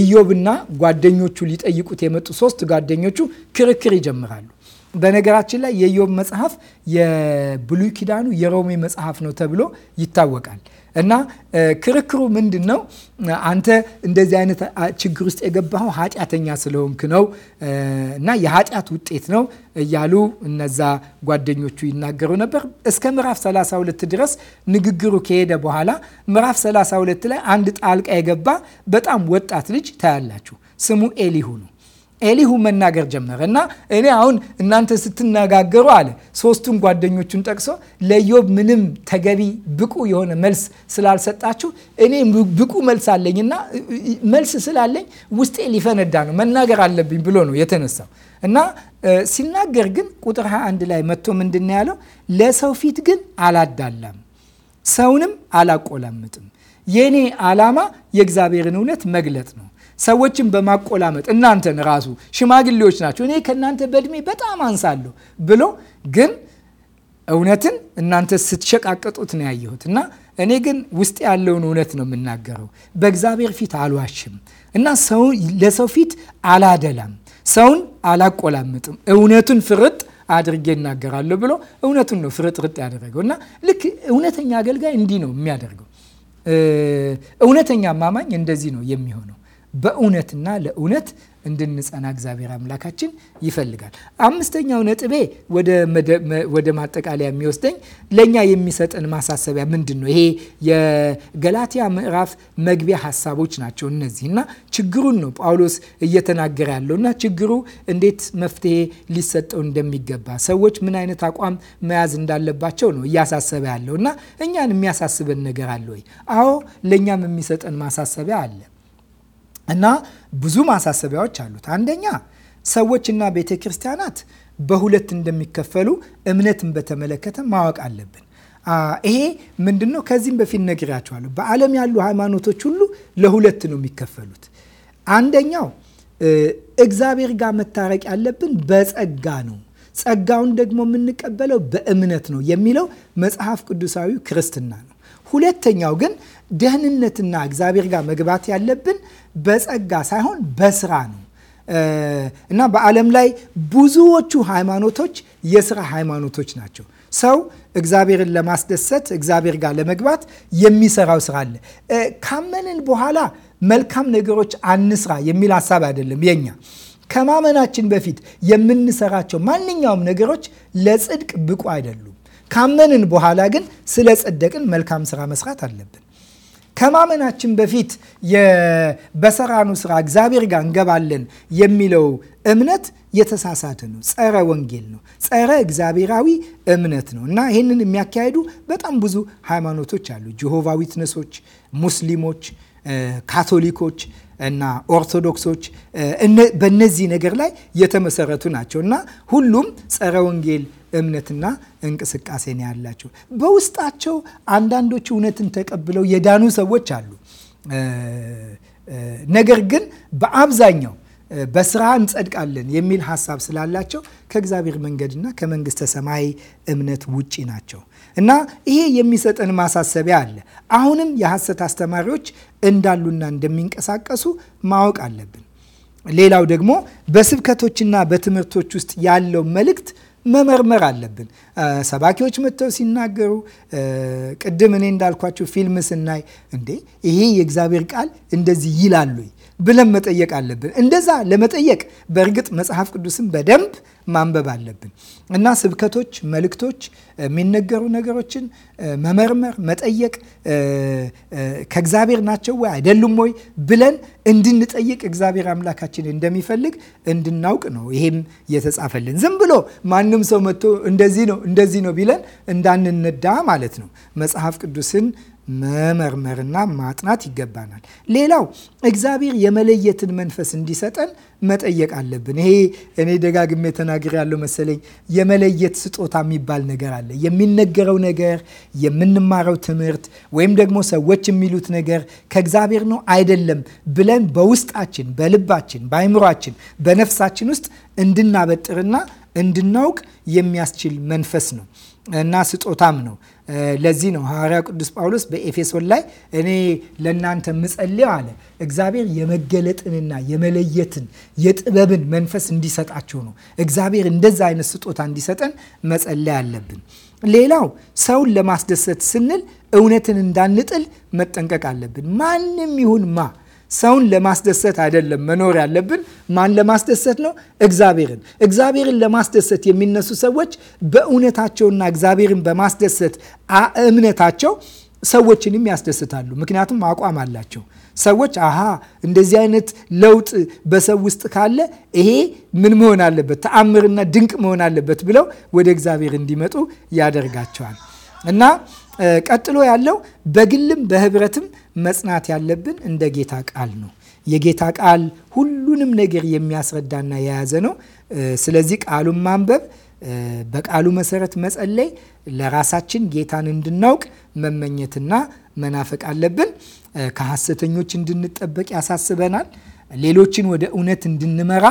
[SPEAKER 1] ኢዮብና ጓደኞቹ ሊጠይቁት የመጡ ሶስት ጓደኞቹ ክርክር ይጀምራሉ። በነገራችን ላይ የኢዮብ መጽሐፍ የብሉይ ኪዳኑ የሮሜ መጽሐፍ ነው ተብሎ ይታወቃል። እና ክርክሩ ምንድን ነው? አንተ እንደዚህ አይነት ችግር ውስጥ የገባኸው ኃጢአተኛ ስለሆንክ ነው እና የኃጢአት ውጤት ነው እያሉ እነዛ ጓደኞቹ ይናገሩ ነበር። እስከ ምዕራፍ 32 ድረስ ንግግሩ ከሄደ በኋላ ምዕራፍ 32 ላይ አንድ ጣልቃ የገባ በጣም ወጣት ልጅ ታያላችሁ። ስሙ ኤሊሁ ነው። ኤሊሁ መናገር ጀመረ እና እኔ አሁን እናንተ ስትነጋገሩ አለ ሶስቱን ጓደኞቹን ጠቅሶ ለዮብ ምንም ተገቢ ብቁ የሆነ መልስ ስላልሰጣችሁ እኔ ብቁ መልስ አለኝና መልስ ስላለኝ ውስጤ ሊፈነዳ ነው መናገር አለብኝ ብሎ ነው የተነሳው እና ሲናገር ግን ቁጥር 21 ላይ መጥቶ ምንድን ያለው ለሰው ፊት ግን አላዳላም፣ ሰውንም አላቆላምጥም። የኔ ዓላማ የእግዚአብሔርን እውነት መግለጥ ነው ሰዎችን በማቆላመጥ እናንተን ራሱ ሽማግሌዎች ናቸው እኔ ከእናንተ በእድሜ በጣም አንሳለሁ ብሎ ግን እውነትን እናንተ ስትሸቃቀጡት ነው ያየሁት እና እኔ ግን ውስጥ ያለውን እውነት ነው የምናገረው። በእግዚአብሔር ፊት አልዋሽም እና ለሰው ፊት አላደላም፣ ሰውን አላቆላምጥም፣ እውነቱን ፍርጥ አድርጌ እናገራለሁ ብሎ እውነቱን ነው ፍርጥርጥ ያደረገው እና ልክ እውነተኛ አገልጋይ እንዲህ ነው የሚያደርገው። እውነተኛ አማማኝ እንደዚህ ነው የሚሆነው። በእውነትና ለእውነት እንድንጸና እግዚአብሔር አምላካችን ይፈልጋል። አምስተኛው ነጥቤ ወደ ማጠቃለያ የሚወስደኝ ለእኛ የሚሰጠን ማሳሰቢያ ምንድን ነው? ይሄ የገላትያ ምዕራፍ መግቢያ ሀሳቦች ናቸው እነዚህ እና ችግሩን ነው ጳውሎስ እየተናገረ ያለው እና ችግሩ እንዴት መፍትሄ ሊሰጠው እንደሚገባ ሰዎች ምን አይነት አቋም መያዝ እንዳለባቸው ነው እያሳሰበ ያለው እና እኛን የሚያሳስበን ነገር አለ ወይ? አዎ ለእኛም የሚሰጠን ማሳሰቢያ አለ። እና ብዙ ማሳሰቢያዎች አሉት። አንደኛ ሰዎችና ቤተ ክርስቲያናት በሁለት እንደሚከፈሉ እምነትን በተመለከተ ማወቅ አለብን። ይሄ ምንድን ነው? ከዚህም በፊት ነግራችኋለሁ። በዓለም ያሉ ሃይማኖቶች ሁሉ ለሁለት ነው የሚከፈሉት። አንደኛው እግዚአብሔር ጋር መታረቅ ያለብን በጸጋ ነው፣ ጸጋውን ደግሞ የምንቀበለው በእምነት ነው የሚለው መጽሐፍ ቅዱሳዊ ክርስትና ነው። ሁለተኛው ግን ደህንነትና እግዚአብሔር ጋር መግባት ያለብን በጸጋ ሳይሆን በስራ ነው እና በዓለም ላይ ብዙዎቹ ሃይማኖቶች የስራ ሃይማኖቶች ናቸው። ሰው እግዚአብሔርን ለማስደሰት እግዚአብሔር ጋር ለመግባት የሚሰራው ስራ አለ። ካመንን በኋላ መልካም ነገሮች አንስራ የሚል ሀሳብ አይደለም የኛ ከማመናችን በፊት የምንሰራቸው ማንኛውም ነገሮች ለጽድቅ ብቁ አይደሉም። ካመንን በኋላ ግን ስለ ጸደቅን መልካም ስራ መስራት አለብን። ከማመናችን በፊት በሰራኑ ስራ እግዚአብሔር ጋር እንገባለን የሚለው እምነት የተሳሳተ ነው። ጸረ ወንጌል ነው። ጸረ እግዚአብሔራዊ እምነት ነው እና ይህንን የሚያካሄዱ በጣም ብዙ ሃይማኖቶች አሉ። ጆሆቫ ዊትነሶች፣ ሙስሊሞች፣ ካቶሊኮች እና ኦርቶዶክሶች በእነዚህ ነገር ላይ የተመሰረቱ ናቸው እና ሁሉም ጸረ ወንጌል እምነትና እንቅስቃሴ ነው ያላቸው። በውስጣቸው አንዳንዶች እውነትን ተቀብለው የዳኑ ሰዎች አሉ። ነገር ግን በአብዛኛው በስራ እንጸድቃለን የሚል ሀሳብ ስላላቸው ከእግዚአብሔር መንገድና ከመንግስተ ሰማይ እምነት ውጪ ናቸው እና ይሄ የሚሰጠን ማሳሰቢያ አለ። አሁንም የሐሰት አስተማሪዎች እንዳሉና እንደሚንቀሳቀሱ ማወቅ አለብን። ሌላው ደግሞ በስብከቶችና በትምህርቶች ውስጥ ያለው መልእክት መመርመር አለብን። ሰባኪዎች መጥተው ሲናገሩ፣ ቅድም እኔ እንዳልኳቸው ፊልም ስናይ እንዴ ይሄ የእግዚአብሔር ቃል እንደዚህ ይላሉኝ ብለን መጠየቅ አለብን። እንደዛ ለመጠየቅ በእርግጥ መጽሐፍ ቅዱስን በደንብ ማንበብ አለብን እና ስብከቶች፣ መልእክቶች፣ የሚነገሩ ነገሮችን መመርመር፣ መጠየቅ ከእግዚአብሔር ናቸው ወይ አይደሉም ወይ ብለን እንድንጠይቅ እግዚአብሔር አምላካችን እንደሚፈልግ እንድናውቅ ነው። ይሄም የተጻፈልን ዝም ብሎ ማንም ሰው መጥቶ እንደዚህ ነው እንደዚህ ነው ቢለን እንዳንነዳ ማለት ነው መጽሐፍ ቅዱስን መመርመርና ማጥናት ይገባናል። ሌላው እግዚአብሔር የመለየትን መንፈስ እንዲሰጠን መጠየቅ አለብን። ይሄ እኔ ደጋግሜ ተናግሬ ያለው መሰለኝ። የመለየት ስጦታ የሚባል ነገር አለ። የሚነገረው ነገር፣ የምንማረው ትምህርት ወይም ደግሞ ሰዎች የሚሉት ነገር ከእግዚአብሔር ነው አይደለም ብለን በውስጣችን፣ በልባችን፣ በአይምሯችን፣ በነፍሳችን ውስጥ እንድናበጥርና እንድናውቅ የሚያስችል መንፈስ ነው። እና ስጦታም ነው። ለዚህ ነው ሐዋርያ ቅዱስ ጳውሎስ በኤፌሶን ላይ እኔ ለእናንተ ምጸልየው አለ እግዚአብሔር የመገለጥንና የመለየትን የጥበብን መንፈስ እንዲሰጣቸው ነው። እግዚአብሔር እንደዛ አይነት ስጦታ እንዲሰጠን መጸለይ አለብን። ሌላው ሰውን ለማስደሰት ስንል እውነትን እንዳንጥል መጠንቀቅ አለብን። ማንም ይሁን ማ ሰውን ለማስደሰት አይደለም መኖር ያለብን። ማን ለማስደሰት ነው? እግዚአብሔርን። እግዚአብሔርን ለማስደሰት የሚነሱ ሰዎች በእውነታቸውና እግዚአብሔርን በማስደሰት እምነታቸው ሰዎችንም ያስደስታሉ። ምክንያቱም አቋም አላቸው። ሰዎች አሃ እንደዚህ አይነት ለውጥ በሰው ውስጥ ካለ ይሄ ምን መሆን አለበት ተአምርና ድንቅ መሆን አለበት ብለው ወደ እግዚአብሔር እንዲመጡ ያደርጋቸዋል። እና ቀጥሎ ያለው በግልም በህብረትም መጽናት ያለብን እንደ ጌታ ቃል ነው። የጌታ ቃል ሁሉንም ነገር የሚያስረዳና የያዘ ነው። ስለዚህ ቃሉን ማንበብ፣ በቃሉ መሰረት መጸለይ፣ ለራሳችን ጌታን እንድናውቅ መመኘትና መናፈቅ አለብን። ከሐሰተኞች እንድንጠበቅ ያሳስበናል። ሌሎችን ወደ እውነት እንድንመራ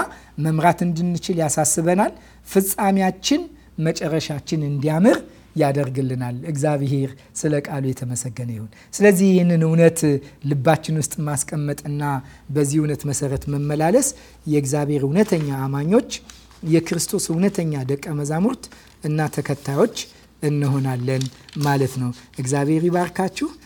[SPEAKER 1] መምራት እንድንችል ያሳስበናል። ፍጻሜያችን መጨረሻችን እንዲያምር ያደርግልናል። እግዚአብሔር ስለ ቃሉ የተመሰገነ ይሁን። ስለዚህ ይህንን እውነት ልባችን ውስጥ ማስቀመጥና በዚህ እውነት መሰረት መመላለስ የእግዚአብሔር እውነተኛ አማኞች፣ የክርስቶስ እውነተኛ ደቀ መዛሙርት እና ተከታዮች እንሆናለን ማለት ነው። እግዚአብሔር ይባርካችሁ።